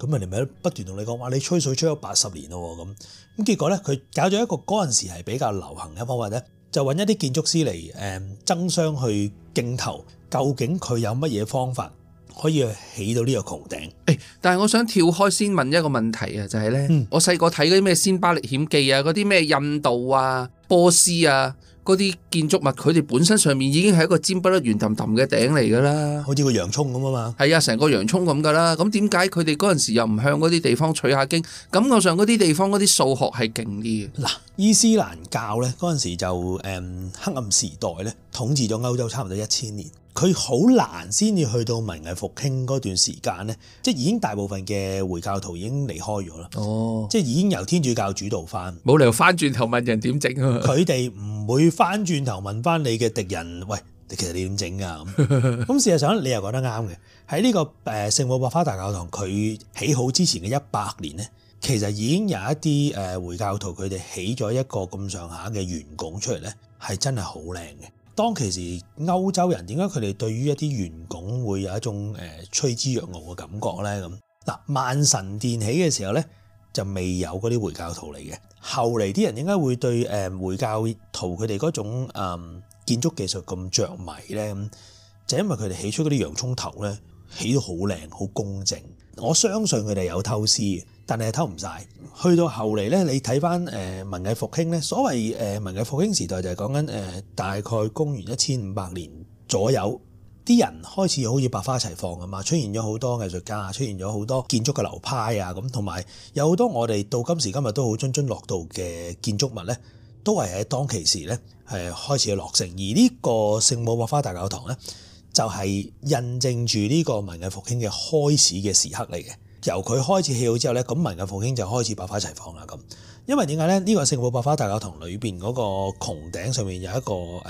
咁人哋咪不斷同你講話，你吹水吹咗八十年咯喎，咁咁結果咧，佢搞咗一個嗰陣時係比較流行嘅方法咧，就揾一啲建築師嚟誒、嗯、爭相去競投，究竟佢有乜嘢方法可以起到呢個穹頂？誒，但係我想跳開先問一個問題啊，就係咧，我細個睇嗰啲咩《仙巴歷險記》啊，嗰啲咩印度啊、波斯啊。嗰啲建築物佢哋本身上面已經係一個尖不甩圓氹氹嘅頂嚟㗎啦，好似個洋葱咁啊嘛，係啊，成個洋葱咁㗎啦。咁點解佢哋嗰陣時又唔向嗰啲地方取下經？感覺上嗰啲地方嗰啲數學係勁啲嘅。嗱，伊斯蘭教咧，嗰陣時就，誒，黑暗時代咧，統治咗歐洲差唔多一千年。佢好難先至去到文藝復興嗰段時間呢即係已經大部分嘅回教徒已經離開咗啦。哦，oh. 即係已經由天主教主導翻，冇理由翻轉頭問人點整啊！佢哋唔會翻轉頭問翻你嘅敵人，喂，其實你點整㗎？咁 [LAUGHS] 事實上你又講得啱嘅，喺呢個聖母百花大教堂佢起好之前嘅一百年呢，其實已經有一啲回教徒佢哋起咗一個咁上下嘅圓拱出嚟呢係真係好靚嘅。當其時歐洲人點解佢哋對於一啲圓拱會有一種誒趨之若鶩嘅感覺呢？咁嗱，萬神殿起嘅時候呢，就未有嗰啲回教徒嚟嘅。後嚟啲人點解會對誒回教徒佢哋嗰種建築技術咁着迷呢？咁就因為佢哋起出嗰啲洋葱頭呢，起得好靚好公正。我相信佢哋有偷師。但係偷唔晒。去到後嚟咧，你睇翻文藝復興咧，所謂文藝復興時代就係講緊大概公元一千五百年左右，啲人開始好似百花齊放啊嘛，出現咗好多藝術家，出現咗好多建築嘅流派啊咁，同埋有好多我哋到今時今日都好津津樂道嘅建築物咧，都係喺當其時咧係開始落成，而呢個聖母百花大教堂咧，就係印證住呢個文藝復興嘅開始嘅時刻嚟嘅。由佢開始起好之後咧，咁文藝復興就開始百花齊放啦咁。因為點解咧？呢個聖母百花大教堂裏邊嗰個穹頂上面有一個誒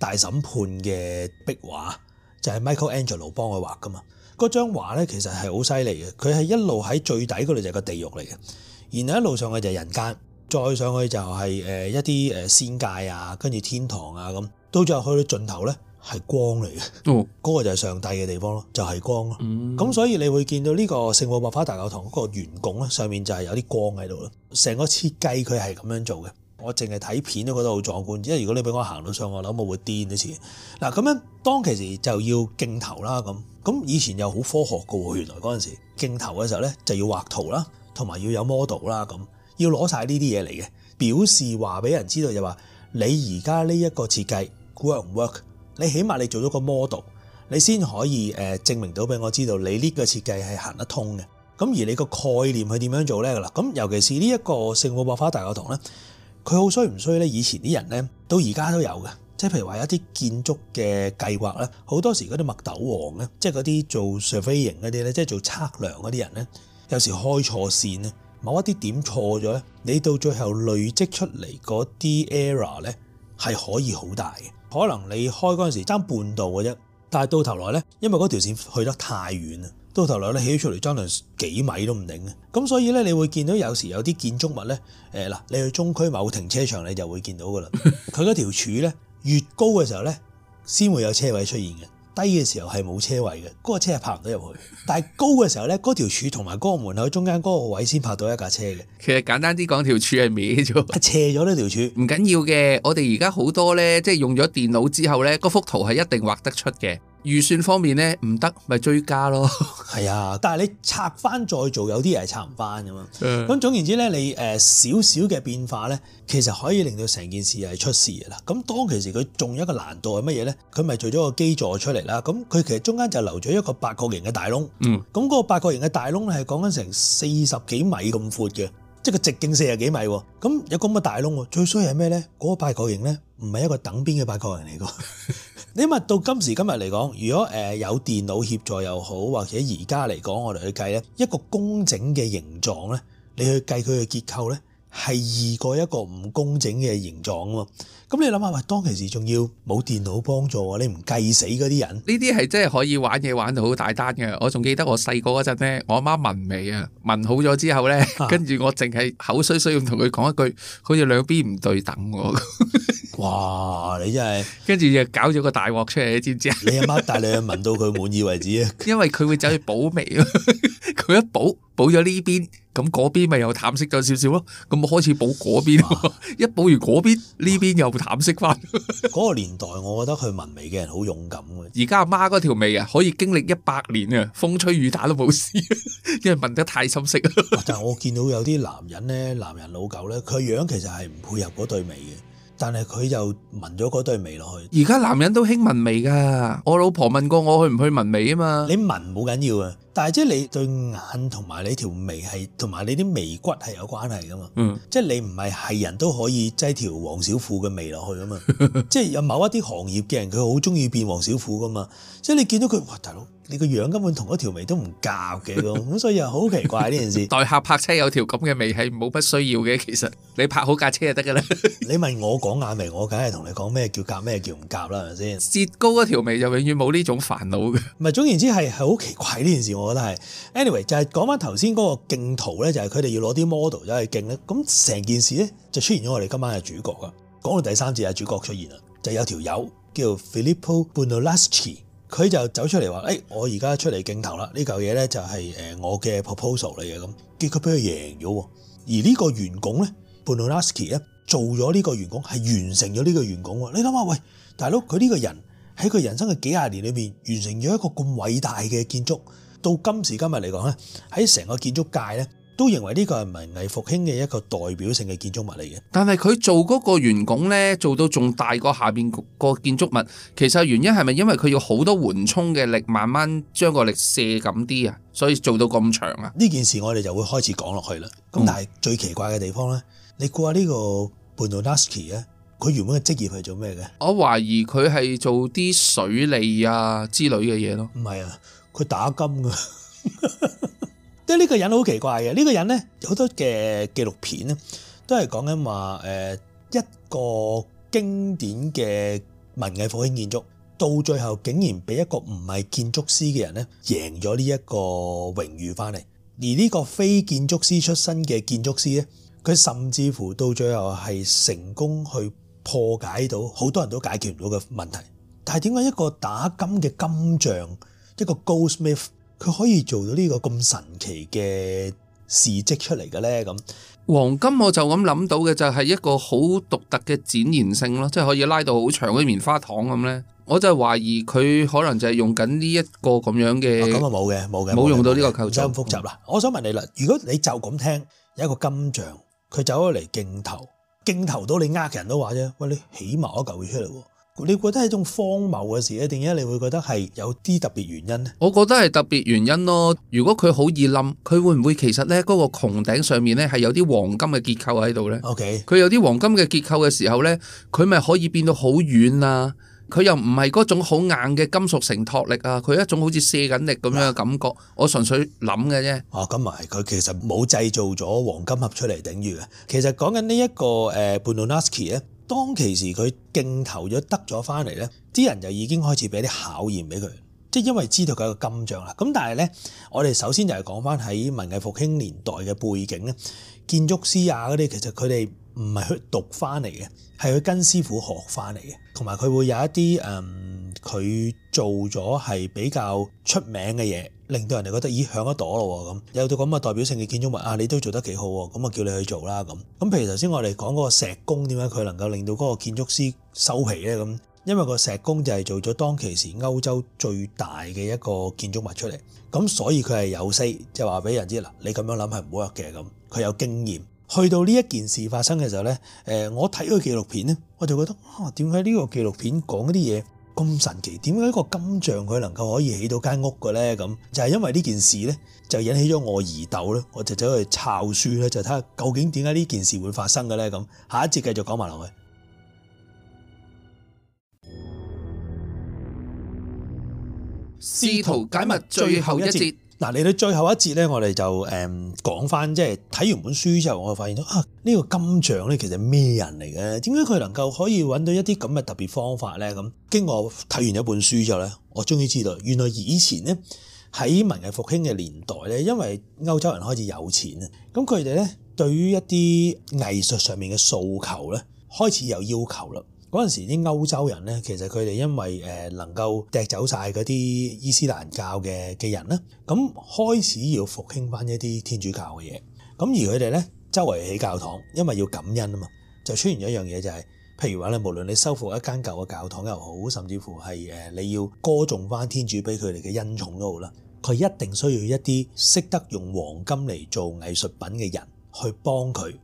大審判嘅壁畫，就係 Michelangelo 幫佢畫噶嘛。嗰張畫咧其實係好犀利嘅，佢係一路喺最底嗰度就係個地獄嚟嘅，然後一路上去就係人間，再上去就係誒一啲誒仙界啊，跟住天堂啊咁，到最後去到盡頭咧，係光嚟嘅，嗰個就係上帝嘅地方咯，就係光咯。咁所以你會見到呢個聖母百花大教堂嗰個圓拱咧，上面就係有啲光喺度咯。成個設計佢係咁樣做嘅。我淨係睇片都覺得好壯觀，即係如果你俾我行到上去，我諗我會癲一次。嗱，咁樣當其時就要鏡頭啦，咁咁以前又好科學嘅喎。原來嗰陣時鏡頭嘅時候咧就要畫圖啦，同埋要有 model 啦，咁要攞晒呢啲嘢嚟嘅，表示話俾人知道就話你而家呢一個設計，work 唔 work。你起碼你做咗個 model，你先可以誒證明到俾我知道你呢個設計係行得通嘅。咁而你個概念係點樣做呢？噶啦，咁尤其是呢一個聖母百花大教堂呢，佢好衰唔衰呢？以前啲人呢，到而家都有嘅，即係譬如話一啲建築嘅計劃呢，好多時嗰啲墨斗王呢，即係嗰啲做 surveying 嗰啲呢，即係做測量嗰啲人呢，有時開錯線呢，某一啲點錯咗呢，你到最後累積出嚟嗰啲 error 呢，係可以好大嘅。可能你開嗰陣時爭半度嘅啫，但係到頭來呢，因為嗰條綫去得太遠啦，到頭來呢起咗出嚟爭兩幾米都唔定嘅，咁所以呢，你會見到有時有啲建築物呢，誒嗱，你去中區某停車場你就會見到噶啦，佢嗰條柱呢，越高嘅時候呢，先會有車位出現嘅。低嘅時候係冇車位嘅，嗰個車係泊唔到入去。但係高嘅時候呢，嗰條柱同埋嗰個門口中間嗰個位先泊到一架車嘅。其實簡單啲講，條柱係歪咗，斜咗呢條柱。唔緊要嘅，我哋而家好多呢，即係用咗電腦之後呢，嗰幅圖係一定畫得出嘅。預算方面咧唔得，咪追加咯。係啊，但係你拆翻再做，有啲嘢係拆唔翻噶嘛。咁、嗯、總言之咧，你誒少少嘅變化咧，其實可以令到成件事係出事嘅啦。咁當其時佢仲有一個難度係乜嘢咧？佢咪做咗個基座出嚟啦。咁佢其實中間就留咗一個八角形嘅大窿。嗯。咁嗰個八角形嘅大窿咧係講緊成四十幾米咁闊嘅，即係個直徑四十幾米喎。咁有咁嘅大窿，最衰係咩咧？嗰、嗰個八角形咧唔係一個等邊嘅八角形嚟㗎。 [LAUGHS] 你咪到今時今日嚟講，如果有電腦協助又好，或者而家嚟講，我哋去計一個工整嘅形狀，你去計佢嘅結構呢，係易過一個唔工整嘅形狀，咁你諗下，喂，當其時仲要冇電腦幫助啊，你唔計死嗰啲人，呢啲係真係可以玩嘢，玩到好大單嘅。我仲記得我細個嗰陣咧，我阿媽紋眉啊，紋好咗之後咧，跟住我淨係口衰衰咁同佢講一句，好似兩邊唔對等我。哇！你真係，跟住又搞咗個大鑊出嚟，知唔知啊？你阿媽帶你去紋到佢滿意為止啊！因為佢會走去補眉佢 [LAUGHS] 一補補咗呢邊。咁嗰邊咪又淡色咗少少咯，咁開始補嗰邊，哇一補完嗰邊呢邊又淡色翻。嗰、嗰個年代，我覺得去紋眉嘅人好勇敢嘅。而家阿媽嗰條眉啊，可以經歷一百年啊，風吹雨打都冇事，因為紋得太深色。但係我見到有啲男人咧，男人老狗咧，佢樣其實係唔配合嗰對眉嘅，但係佢又紋咗嗰對眉落去。而家男人都興紋眉噶，我老婆問過我去唔去紋眉啊嘛，你紋冇緊要啊。但係即係你對眼同埋你條眉係同埋你啲眉骨係有關係噶嘛？嗯、即係你唔係係人都可以擠條黃小富嘅眉落去噶嘛， [LAUGHS] 嘛？即係有某一啲行業嘅人佢好中意變黃小富噶嘛？即係你見到佢哇，大佬你個樣根本同嗰條眉都唔夾嘅咁， [LAUGHS] 所以又好奇怪呢 [LAUGHS] 件事。代客泊車有條咁嘅眉係冇乜需要嘅，其實你泊好架車就得㗎啦。 [LAUGHS] 你問我講眼眉，我梗係同你講咩叫夾咩叫唔夾啦，係咪先？雪糕嗰條眉就永遠冇呢種煩惱嘅。唔係，總言之係係好奇怪呢件事。我覺得係，anyway 就係講翻頭先嗰個競圖咧，就係佢哋要攞啲 model 走去競咧。咁成件事咧就出現咗我哋今晚嘅主角㗎。講到第三節，嘅主角出現啦、bon，就有條友叫 Filippo Brunelleschi 佢就走出嚟話，誒，我而家出嚟競圖啦！呢嚿嘢咧就係我嘅 proposal 嚟嘅咁。結果俾佢贏咗，而呢個員工咧 Brunelleschi 咧做咗呢個員工，係完成咗呢個員工喎。工你諗下，喂大佬，佢呢個人喺佢人生嘅幾廿年裏面，完成咗一個咁偉大嘅建築。到今時今日嚟講咧，喺成個建築界咧，都認為呢個係文藝復興嘅一個代表性嘅建築物嚟嘅。但係佢做嗰個圓拱咧，做到仲大過下邊個建築物，其實原因係咪因為佢要好多緩衝嘅力，慢慢將個力卸咁啲啊？所以做到咁長啊？呢件事我哋就會開始講落去啦。咁但係最奇怪嘅地方咧，嗯、你估下呢個 Brunelleschi 咧，佢原本嘅職業係做咩嘅？我懷疑佢係做啲水利啊之類嘅嘢咯。唔係啊。佢打金㗎，即係呢個人好奇怪嘅。呢個人咧，好多嘅紀錄片咧，都係講緊話誒一個經典嘅文藝復興建築，到最後竟然俾一個唔係建築師嘅人咧贏咗呢一個榮譽翻嚟。而呢個非建築師出身嘅建築師咧，佢甚至乎到最後係成功去破解到好多人都解決唔到嘅問題。但係點解一個打金嘅金匠？一個 Goldsmith，佢可以做到呢個咁神奇嘅事跡出嚟嘅咧？咁黃金我就咁諗到嘅就係一個好獨特嘅展延性咯，即係可以拉到好長嗰啲棉花糖咁咧。我就懷疑佢可能就係用緊呢一個咁樣嘅。咁啊冇嘅，冇嘅，冇用到呢個構造。咁、嗯、複雜啦，我想問你啦，如果你就咁聽，有一個金像，佢走咗嚟鏡頭，鏡頭到你呃人都話啫，喂，你起碼一嚿嘢出嚟喎。你覺得係一種荒謬嘅事咧，定而家你會覺得係有啲特別原因呢？我覺得係特別原因咯。如果佢好易冧，佢會唔會其實呢嗰個穹頂上面呢係有啲黃金嘅結構喺度咧？OK，佢有啲黃金嘅結構嘅時候呢，佢咪可以變到好軟啊？佢又唔係嗰種好硬嘅金屬承托力啊？佢一種好似卸緊力咁樣嘅感覺。我純粹諗嘅啫。哦、啊，咁啊係，佢其實冇製造咗黃金盒出嚟，等於其實講緊呢一個誒 Brunelleschi 當其時佢競投咗得咗翻嚟咧，啲人就已經開始俾啲考驗俾佢，即係因為知道佢有個金匠啦。咁但係咧，我哋首先就係講翻喺文藝復興年代嘅背景咧，建築師啊嗰啲其實佢哋唔係去讀翻嚟嘅，係去跟師傅學翻嚟嘅，同埋佢會有一啲誒。嗯佢做咗係比較出名嘅嘢，令到人哋覺得咦，響一朵咯喎咁。有到咁嘅代表性嘅建築物啊，你都做得幾好喎，咁啊叫你去做啦咁。咁譬如頭先我哋講嗰個石工點解佢能夠令到嗰個建築師收皮呢？咁，因為個石工就係做咗當其時歐洲最大嘅一個建築物出嚟，咁所以佢係有 say，即係話俾人知啦，你咁樣諗係唔好嘅咁。佢有經驗，去到呢一件事發生嘅時候呢，誒，我睇嗰個紀錄片呢，我就覺得啊，點解呢個紀錄片講嗰啲嘢？咁神奇，點解一個金像佢能夠可以起到間屋嘅咧？咁就係、是、因為呢件事咧，就引起咗我疑竇咧，我就走去抄書咧，就睇下究竟點解呢件事會發生嘅咧？咁下一節繼續講埋落去，試圖解密最後一節。嗱，嚟到最後一節咧，我哋就誒講翻，即係睇完本書之後，我發現到啊，呢個金匠咧其實咩人嚟嘅？點解佢能夠可以揾到一啲咁嘅特別方法咧？咁經過睇完一本書之後咧，我終於知道，原來以前咧喺文藝復興嘅年代咧，因為歐洲人開始有錢啦，咁佢哋咧對於一啲藝術上面嘅訴求咧，開始有要求啦。嗰陣時啲歐洲人咧，其實佢哋因為誒能夠踢走晒嗰啲伊斯蘭教嘅嘅人啦，咁開始要復興翻一啲天主教嘅嘢。咁而佢哋咧周圍起教堂，因為要感恩啊嘛，就出現咗一樣嘢就係，是，譬如話咧，無論你修復一間舊嘅教堂又好，甚至乎係誒你要歌頌翻天主俾佢哋嘅恩寵都好啦，佢一定需要一啲識得用黃金嚟做藝術品嘅人去幫佢。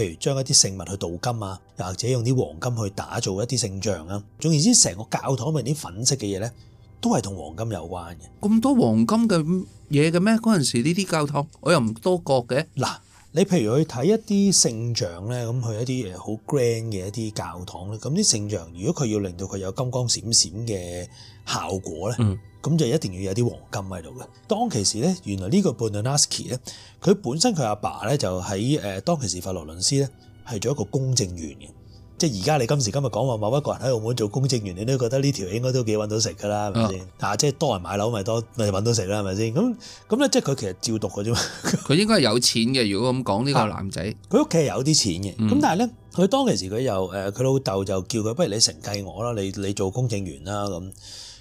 譬如將一啲聖物去鍍金啊，又或者用啲黃金去打造一啲聖像啊，總然之成個教堂咪啲粉色嘅嘢咧，都係同黃金有關嘅。咁多黃金嘅嘢嘅咩？嗰陣時呢啲教堂，我又唔多覺嘅。嗱，你譬如去睇一啲聖像咧，咁去一啲誒好 grand 嘅一啲教堂咧，咁啲聖像如果佢要令到佢有金光閃閃嘅效果咧，咁、嗯、就一定要有啲黃金喺度嘅。當其時咧，原來個呢個 Brunelleschi 咧，佢本身佢阿爸咧就喺誒當其時佛羅倫斯咧係做一個公證員嘅。即係而家你今時今日講話某一個人喺澳門做公證員，你都覺得呢條應該都幾揾到食噶啦，係咪先？嗱，即係多人買樓咪多咪揾到食啦，係咪先？咁咁咧，即係佢其實照讀嘅啫嘛。佢應該係有錢嘅，如果咁講呢個男仔是、啊，佢屋企係有啲錢嘅。咁但係咧，佢當其時佢又誒，佢老豆就叫佢，不如你承繼我啦，你你做公證員啦咁。嗯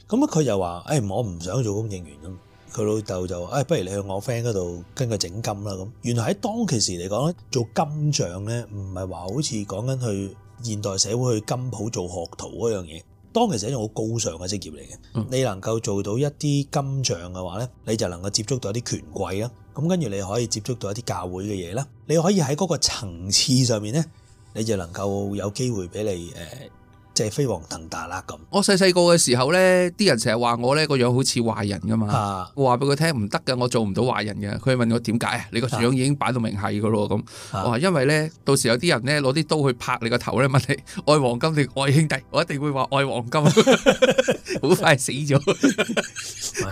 咁啊，佢又話，誒，我唔想做公證員啊。佢老豆就話，誒，不如你去我 friend 嗰度跟佢整金啦。咁原來喺當其時嚟講咧，做金匠咧，唔係話好似講緊去現代社會去金鋪做學徒嗰樣嘢。當其時係一種好高尚嘅職業嚟嘅。你能夠做到一啲金匠嘅話咧，你就能夠接觸到一啲權貴啦。咁跟住你可以接觸到一啲教會嘅嘢啦。你可以喺嗰個層次上面咧，你就能夠有機會俾你誒。即飛黃騰達啦咁。我細細個嘅時候咧，啲人成日話我咧個樣好似壞人噶嘛。啊、我話俾佢聽唔得噶，我做唔到壞人嘅。佢問我點解啊？你個樣已經擺到明係噶咯咁。我話因為咧，到時有啲人咧攞啲刀去拍你個頭咧，問你愛黃金定愛兄弟，我一定會話愛黃金。好 [LAUGHS] 快死咗。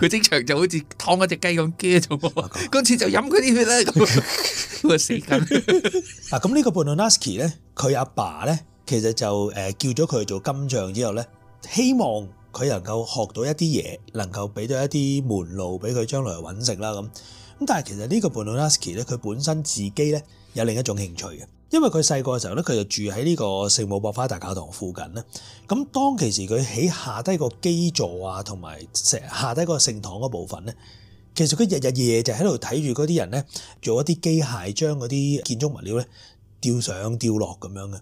佢經、啊、 [LAUGHS] 常就好似燙一隻雞咁驚咗。嗰說次就飲佢啲血啦，咁 okay. 死緊。嗱、 [LAUGHS] 啊、咁、嗯、呢、這個 Brunelleschi 咧，佢阿爸咧。其實就誒叫咗佢做金匠之後咧，希望佢能夠學到一啲嘢，能夠俾到一啲門路俾佢將來揾食啦咁。咁但係其實呢個布魯諾斯基咧，佢本身自己咧有另一種興趣嘅，因為佢細個嘅時候咧，佢就住喺呢個聖母百花大教堂附近咧。咁當其時佢喺下低個基座啊，同埋成下低嗰個聖堂嗰部分咧，其實佢日日夜夜就喺度睇住嗰啲人咧，做一啲機械將嗰啲建築物料咧吊上吊落咁樣嘅。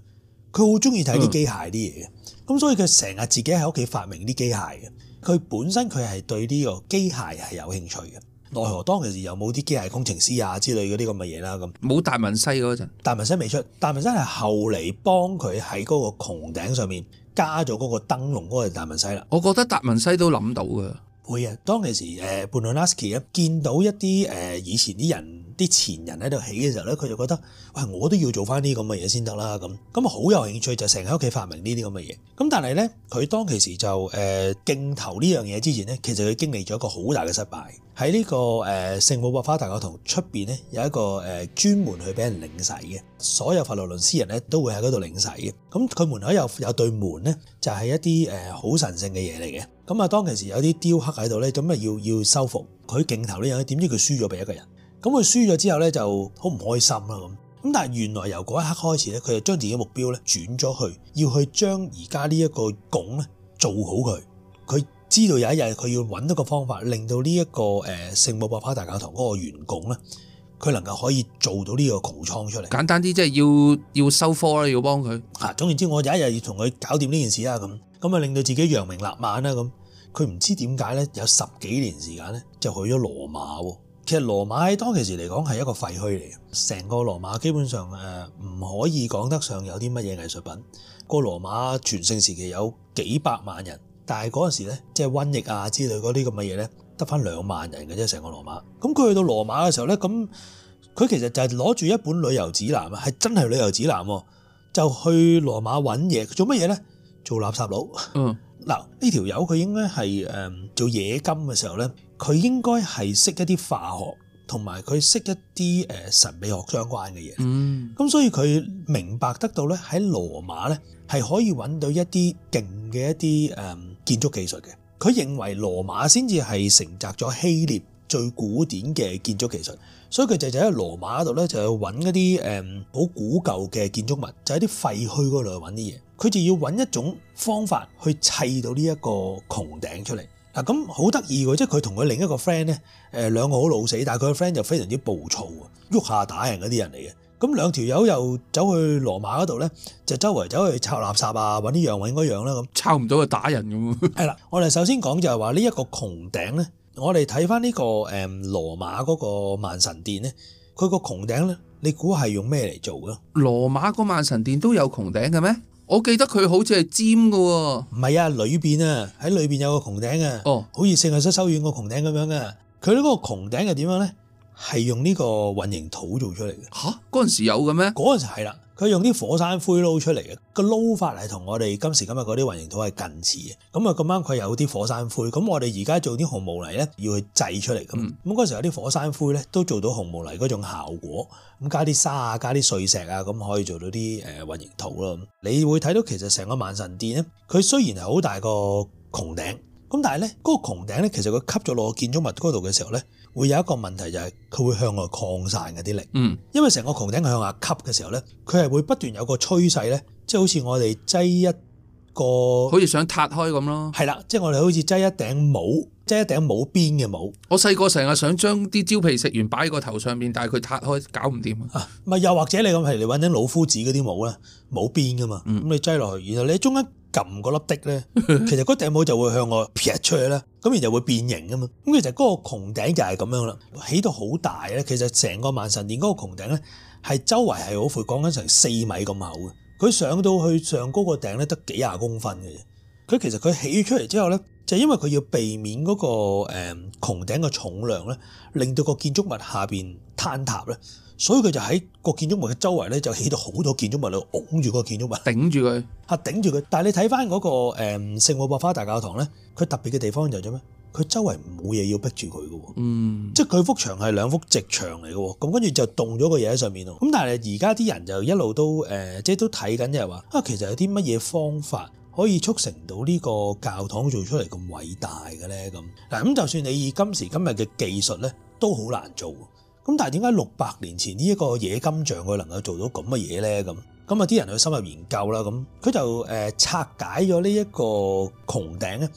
佢好中意睇啲機械啲嘢嘅，咁、嗯、所以佢成日自己喺屋企發明啲機械嘅。佢本身佢係對呢個機械係有興趣嘅。奈、嗯、何當其時又冇啲機械工程師啊之類嗰啲咁嘅嘢啦，咁冇達文西嗰陣。達文西未出，達文西係後嚟幫佢喺嗰個穹頂上面加咗嗰個燈籠嗰個達文西啦。我覺得達文西都諗到㗎，會啊。當其時誒 Brunelleschi 啊，見到一啲誒、呃、以前啲人。啲前人喺度起嘅時候咧，佢就覺得，喂，我都要做翻啲咁嘅嘢先得啦，咁咁好有興趣就成日喺屋企發明呢啲咁嘅嘢。咁但係咧，佢當其時就誒、呃、競投呢樣嘢之前咧，其實佢經歷咗一個好大嘅失敗。喺呢、這個誒、呃、聖母百花大教堂出面咧，有一個誒、呃、專門去俾人領洗嘅，所有佛羅倫斯人咧都會喺嗰度領洗嘅。咁佢門口有有對門咧，就係、是、一啲誒好神聖嘅嘢嚟嘅。咁啊，當其時有啲雕刻喺度咧，咁啊要要修復佢競投呢樣嘢，點知佢輸咗俾一個人。咁佢輸咗之後咧，就好唔開心啦咁。咁但係原來由嗰一刻開始咧，佢就將自己嘅目標咧轉咗去，要去將而家呢一個拱咧做好佢。佢知道有一日佢要揾一個方法，令到呢一個聖母百花大教堂嗰個圓拱咧，佢能夠可以做到呢個穹蒼出嚟。簡單啲即係要要收科啦，要幫佢。啊，總言之，我有一日要同佢搞掂呢件事啊咁，咁啊令到自己揚名立萬啦咁。佢唔知點解咧，有十幾年時間咧，就去咗羅馬喎。其實羅馬喺當其時嚟講係一個廢墟嚟嘅，成個羅馬基本上誒唔可以講得上有啲乜嘢藝術品。個羅馬全盛時期有幾百萬人，但係嗰陣時咧即係瘟疫啊之類嗰啲咁嘅嘢咧，得翻兩萬人嘅啫。成個羅馬咁佢去到羅馬嘅時候咧，咁佢其實就係攞住一本旅遊指南啊，係真係旅遊指南，就去羅馬揾嘢。佢做乜嘢咧？做垃圾佬。嗯，嗱呢條友佢應該係做冶金嘅時候咧。佢應該係識一啲化學，同埋佢識一啲誒神秘學相關嘅嘢。嗯，咁所以佢明白得到咧，喺羅馬咧係可以揾到一啲勁嘅一啲誒建築技術嘅。佢認為羅馬先至係承襲咗希臘最古典嘅建築技術，所以佢就就喺羅馬度咧就去揾一啲誒好古舊嘅建築物，就喺啲廢墟嗰度去揾啲嘢。佢就要揾一種方法去砌到呢一個穹頂出嚟。嗱咁好得意喎，即係佢同佢另一個 friend 咧，誒兩個好老死，但係佢個 friend 就非常之暴躁，喐下打人嗰啲人嚟嘅。咁兩條友又走去羅馬嗰度咧，就周圍走去抄垃圾啊，搵呢樣搵嗰樣啦咁，抄唔到去打人咁。係啦，我哋首先講就係話呢一個穹頂咧，我哋睇翻呢個誒、嗯、羅馬嗰個萬神殿咧，佢個穹頂咧，你估係用咩嚟做嘅？羅馬個萬神殿都有穹頂嘅咩？我記得佢好似係尖㗎喎，唔係啊，裏面啊，喺裏面有個穹頂啊，哦，好似聖若瑟修院個穹頂咁樣啊。佢呢個穹頂係點樣呢？係用呢個混凝土做出嚟嘅，嚇嗰陣時有嘅咩？嗰陣時係啦。佢用啲火山灰撈出嚟嘅，個撈法係同我哋今時今日嗰啲混凝土係近似嘅。咁啊，咁啱佢有啲火山灰，咁我哋而家做啲紅毛泥咧，要去製出嚟嘅。咁嗰陣時有啲火山灰咧，都做到紅毛泥嗰種效果。咁加啲沙啊，加啲碎石啊，咁可以做到啲誒混凝土咯。你會睇到其實成個萬神殿咧，佢雖然係好大個穹頂，咁但係咧嗰個穹頂咧，其實佢吸咗落個建築物嗰度嘅時候咧。會有一個問題就係佢會向外擴散嗰啲力，嗯，因為成個穹頂向下吸嘅時候咧，佢係會不斷有個趨勢咧，即係好似我哋擠一個，好似想塌開咁咯，係啦，即係我哋好似擠一頂帽，擠一頂冇邊嘅帽。我細個成日想將啲蕉皮食完擺喺個頭上面，但係佢塌開，搞唔掂啊！唔係又或者你咁譬如你搵緊老夫子嗰啲帽啦，冇邊噶嘛，咁你擠落去，然後你中間，撳嗰粒滴咧，其實嗰頂帽就會向我撇出去啦，咁然後就會變形噶嘛。咁其實嗰個穹頂就係咁樣啦，起到好大咧。其實成個萬神殿嗰個穹頂咧，係周圍係好闊，講緊成四米咁厚嘅。佢上到去上高個頂咧，得幾廿公分嘅啫。佢其實佢起出嚟之後咧，就因為佢要避免嗰個誒穹頂嘅重量咧，令到個建築物下面坍塌咧。所以佢就喺個建築物嘅周圍咧，就起到好多建築物嚟拱住個建築物，頂住佢嚇頂住佢。但係你睇返嗰個誒、嗯、聖母百花大教堂咧，佢特別嘅地方就咁、係、咩？佢周圍冇嘢要逼住佢嘅喎，嗯，即係佢幅牆係兩幅直牆嚟嘅喎。咁跟住就棟咗個嘢喺上面咯。咁但係而家啲人就一路都誒、呃，即係都睇緊，即係話啊，其實有啲乜嘢方法可以促成到呢個教堂做出嚟咁偉大嘅咧？咁嗱，咁就算你以今時今日嘅技術咧，都好難做。咁但係點解六百年前呢一個冶金匠佢能夠做到咁嘅嘢咧？咁咁啊啲人去深入研究啦，咁佢就誒拆解咗呢一個穹頂咧，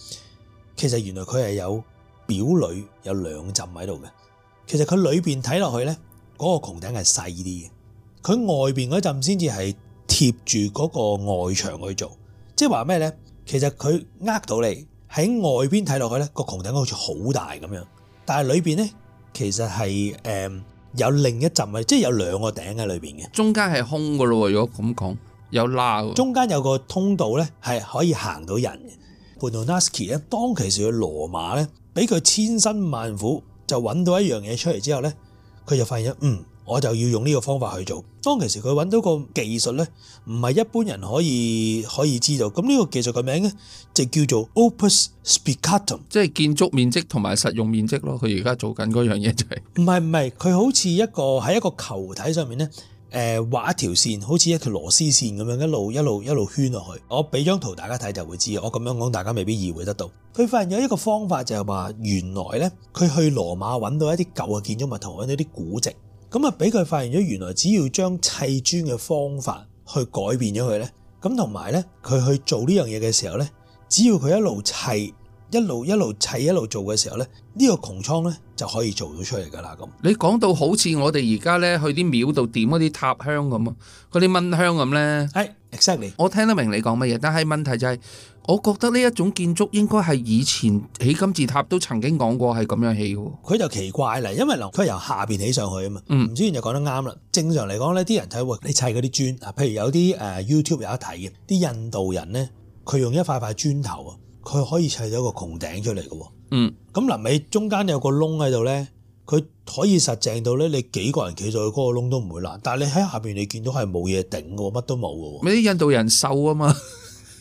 其實原來佢係有表裏有兩浸喺度嘅。其實佢裏面睇落去咧，嗰個穹頂係細啲嘅，佢外邊嗰浸先至係貼住嗰個外牆去做，即係話咩咧？其實佢呃到你喺外邊睇落去咧，個穹頂好似好大咁樣，但係裏面咧。其實係誒、嗯、有另一浸嘅，即係有兩個頂喺裏邊嘅，中間係空嘅咯喎。如果咁講，有罅喎。中間有個通道咧，係可以行到人嘅。Brunelleschi 咧，當其時去羅馬咧，俾佢千辛萬苦就揾到一樣嘢出嚟之後咧，佢就發現咗。嗯。我就要用呢個方法去做。當其時佢揾到個技術呢，唔係一般人可以可以知道。咁呢個技術個名呢，就叫做 Opus Spicatum，即係建築面積同埋實用面積咯他現在。佢而家做緊嗰樣嘢就係唔係唔係，佢好似一個喺一個球體上面呢，誒畫一條線，好似一條螺絲線咁樣一路一路一路圈落去。我俾張圖大家睇就會知。我咁樣講大家未必意會得到。佢發現有一個方法就係話，原來呢，佢去羅馬揾到一啲舊嘅建築物同揾到啲古跡。咁啊，俾佢發現咗，原來只要將砌磚嘅方法去改變咗佢咧，咁同埋咧，佢去做呢樣嘢嘅時候咧，只要佢一路砌，一路一路砌，一路，一路做嘅時候咧。呢個穹倉咧就可以做到出嚟噶啦咁。你講到好似我哋而家咧去啲廟度點嗰啲塔香咁啊，嗰啲蚊香咁咧。係 exactly，我聽得明你講乜嘢，但係問題就係，我覺得呢一種建築應該係以前起金字塔都曾經講過係咁樣起嘅。佢就奇怪啦，因為嗱，佢由下面起上去啊嘛。唔知，任就講得啱啦。正常嚟講咧，啲人睇喎，你砌嗰啲磚啊，譬如有啲 YouTube 有得睇嘅，啲印度人咧，佢用一塊塊磚頭啊，佢可以砌到個穹頂出嚟嘅。嗯，咁臨尾中間有個窿喺度咧，佢可以實淨到咧，你幾個人企在佢嗰個窿都唔會爛。但係你喺下面你見到係冇嘢頂嘅喎，乜都冇嘅喎。咪啲印度人瘦啊嘛～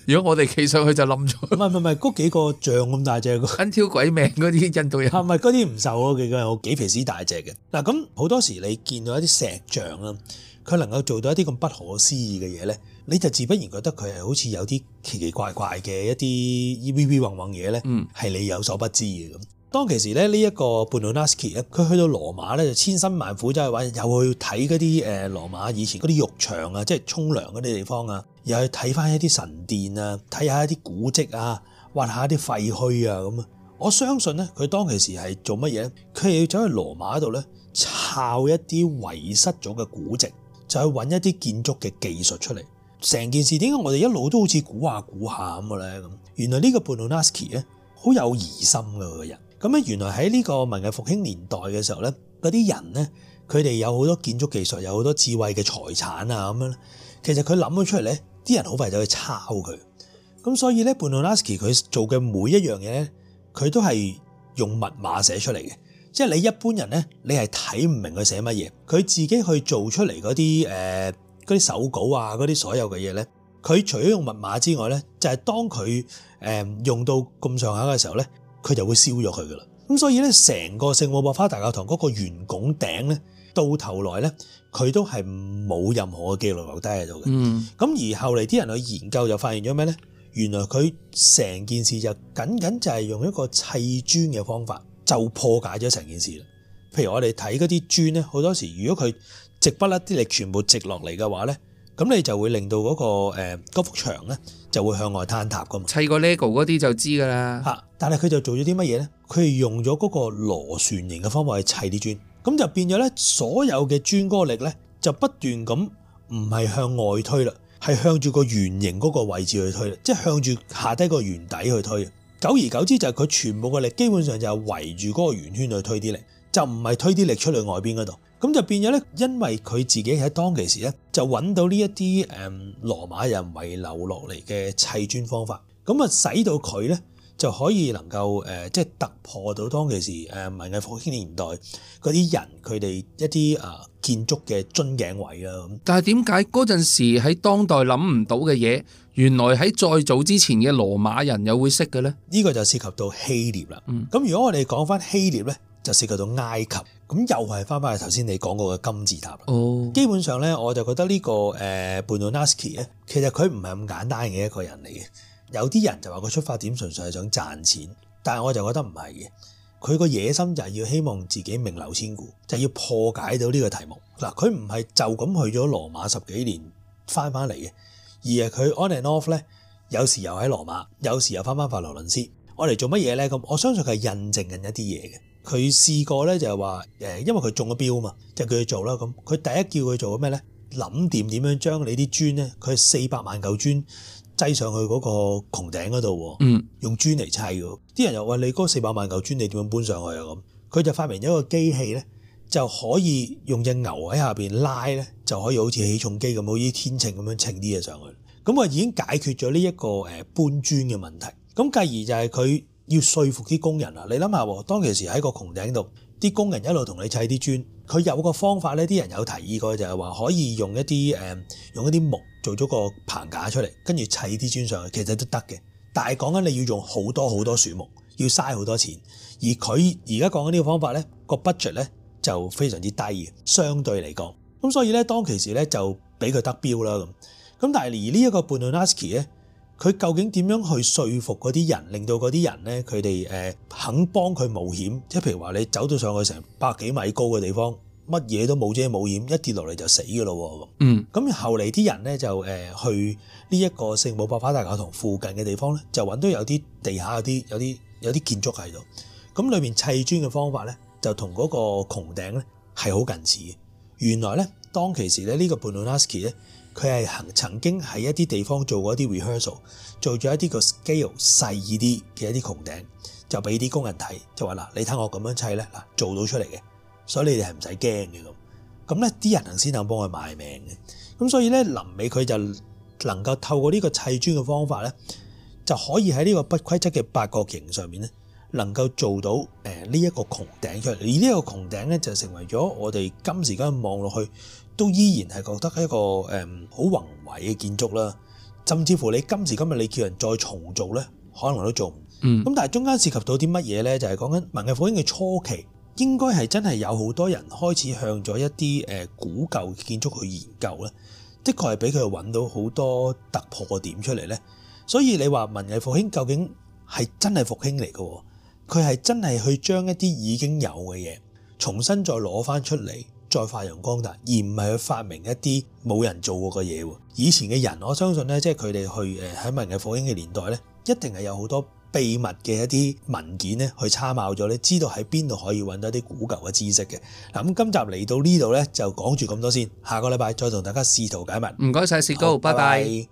如果我哋企上去就冧咗，唔係唔係嗰幾個像咁大隻，跟挑鬼命嗰啲印度人，係咪？嗰啲唔受啊，嘅，實有幾肥屎大隻嘅。嗱咁好多時你見到一啲石像啊，佢能夠做到一啲咁不可思議嘅嘢咧，你就自不然覺得佢係好似有啲奇奇怪怪嘅一啲 evv 戻嘢咧，係、嗯、你有所不知嘅咁。當其時咧，呢一個半努納斯基咧，佢去到羅馬咧就千辛萬苦走去揾、就係，又去睇嗰啲誒羅馬以前嗰啲浴場啊，即係沖涼嗰啲地方啊，又去睇翻一啲神殿啊，睇下一啲古蹟啊，挖下啲廢墟啊咁啊。我相信咧，佢當其時係做乜嘢？佢係要走去羅馬度咧，抄一啲遺失咗嘅古蹟，就去揾一啲建築嘅技術出嚟。成件事點解我哋一路都好似估下估下咁嘅咧？咁原來呢個半努納斯基咧，好有疑心嘅個人。咁咧，原來喺呢個文藝復興年代嘅時候咧，嗰啲人咧，佢哋有好多建築技術，有好多智慧嘅財產啊，咁樣咧，其實佢諗咗出嚟咧，啲人好快就去抄佢。咁所以咧，Brunelleschi 佢做嘅每一樣嘢咧，佢都係用密碼寫出嚟嘅，即係你一般人咧，你係睇唔明佢寫乜嘢。佢自己去做出嚟嗰啲誒嗰啲手稿啊，嗰啲所有嘅嘢咧，佢除咗用密碼之外咧，就係當佢誒用到咁上下嘅時候咧。佢就會燒咗佢噶啦，咁所以咧，成個聖母百花大教堂嗰個圓拱頂咧，到頭來咧，佢都係冇任何嘅記錄留低喺度嘅。嗯，咁而後嚟啲人去研究就發現咗咩咧？原來佢成件事就僅僅就係用一個砌磚嘅方法就破解咗成件事啦。譬如我哋睇嗰啲磚咧，好多時如果佢直不甩啲，你全部直落嚟嘅話咧，咁你就會令到嗰、嗰個誒、呃、幅牆咧，就會向外坍塌噶嘛，砌個 lego 嗰啲就知噶啦。嚇！但係佢就做咗啲乜嘢咧？佢係用咗嗰個螺旋形嘅方法去砌啲磚，咁就變咗咧，所有嘅磚嗰力咧就不斷咁唔係向外推啦，係向住個圓形嗰個位置去推啦，即係向住下低個圓底去推。久而久之就係佢全部嘅力基本上就係圍住嗰個圓圈去推啲力。就唔係推啲力出去外邊嗰度，咁就變咗咧。因為佢自己喺當其時咧，就揾到呢一啲誒羅馬人遺留落嚟嘅砌磚方法，咁啊，使到佢咧就可以能夠誒，即係突破到當其時誒文藝復興年代嗰啲人佢哋一啲誒建築嘅樽頸位啦。咁，但係點解嗰陣時喺當代諗唔到嘅嘢，原來喺再早之前嘅羅馬人又會識嘅咧？呢個就涉及到希臘啦。咁如果我哋講翻希臘咧？就涉及到埃及咁，又係翻翻去頭先你講過嘅金字塔。哦，oh. 基本上咧，我就覺得呢、這個誒 Brunelleschi 咧，其實佢唔係咁簡單嘅一個人嚟嘅。有啲人就話佢出發點純粹係想賺錢，但係我就覺得唔係嘅。佢個野心就係要希望自己名留千古，就係、是、要破解到呢個題目嗱。佢唔係就咁去咗羅馬十幾年翻翻嚟嘅，而係佢 on and off 咧，有時又喺羅馬，有時又翻翻法羅倫斯。我嚟做乜嘢咧？咁我相信佢係印證緊一啲嘢嘅。佢試過咧，就係話誒，因為佢中咗標啊嘛，就叫佢做啦。咁佢第一叫佢做咩咧？諗掂點樣將你啲磚咧，佢係四百萬嚿磚砌上去嗰個穹頂嗰度，用磚嚟砌嘅。啲、嗯、人又話你嗰四百萬嚿磚，你點樣搬上去啊？咁佢就發明咗一個機器咧，就可以用隻牛喺下邊拉咧，就可以好似起重機咁，好似天秤咁樣稱啲嘢上去。咁啊，已經解決咗呢一個誒搬磚嘅問題。咁繼而就係佢。要說服啲工人啊！你諗下，當其時喺個穹頂度，啲工人一路同你砌啲磚。佢有個方法呢，啲人有提議過，就係話可以用一啲誒，用一啲木做咗個棚架出嚟，跟住砌啲磚上去，其實都得嘅。但係講緊你要用好多好多樹木，要嘥好多錢。而佢而家講緊呢個方法呢，個 budget 呢就非常之低嘅，相對嚟講。咁所以呢，當其時呢就俾佢得標啦咁。咁但係而呢一個 Brunelleschi 呢佢究竟點樣去說服嗰啲人，令到嗰啲人咧，佢哋誒肯幫佢冒險？即係譬如話，你走到上去成百幾米高嘅地方，乜嘢都冇遮冇險，一跌落嚟就死㗎咯喎！咁，嗯，咁後嚟啲人咧就誒去呢一個聖母百花大教堂附近嘅地方咧，就揾到有啲地下有啲有啲有啲建築喺度。咁裏面砌磚嘅方法咧，就同嗰個穹頂咧係好近似嘅。原來咧，當其時咧，呢個半努拉斯 k y 咧。佢係曾經喺一啲地方做過一啲 rehearsal，做咗一啲個 scale 細啲嘅一啲穹頂，就俾啲工人睇，就話嗱，你睇我咁樣砌咧，嗱做到出嚟嘅，所以你哋係唔使驚嘅咁。咁咧啲人能先能幫佢賣命嘅。咁所以咧臨尾佢就能夠透過呢個砌磚嘅方法咧，就可以喺呢個不規則嘅八角形上面咧，能夠做到誒呢一個穹頂出嚟。而呢個穹頂咧就成為咗我哋今時今日望落去。都依然係覺得係一個誒好宏偉嘅建築啦，甚至乎你今時今日你叫人再重做呢，可能都做唔到。咁但係中間涉及到啲乜嘢呢？就係講緊文藝復興嘅初期，應該係真係有好多人開始向咗一啲誒古舊建築去研究呢。的確係俾佢揾到好多突破嘅點出嚟呢。所以你話文藝復興究竟係真係復興嚟嘅？佢係真係去將一啲已經有嘅嘢重新再攞翻出嚟。再發揚光大，而唔係去發明一啲冇人做過嘅嘢喎。以前嘅人，我相信呢，即係佢哋去誒喺文藝復興嘅年代呢，一定係有好多秘密嘅一啲文件呢去參考咗，你知道喺邊度可以揾到啲古舊嘅知識嘅。嗱，咁今集嚟到呢度呢，就講住咁多先。下個禮拜再同大家試圖解密。唔該晒，士高，拜拜。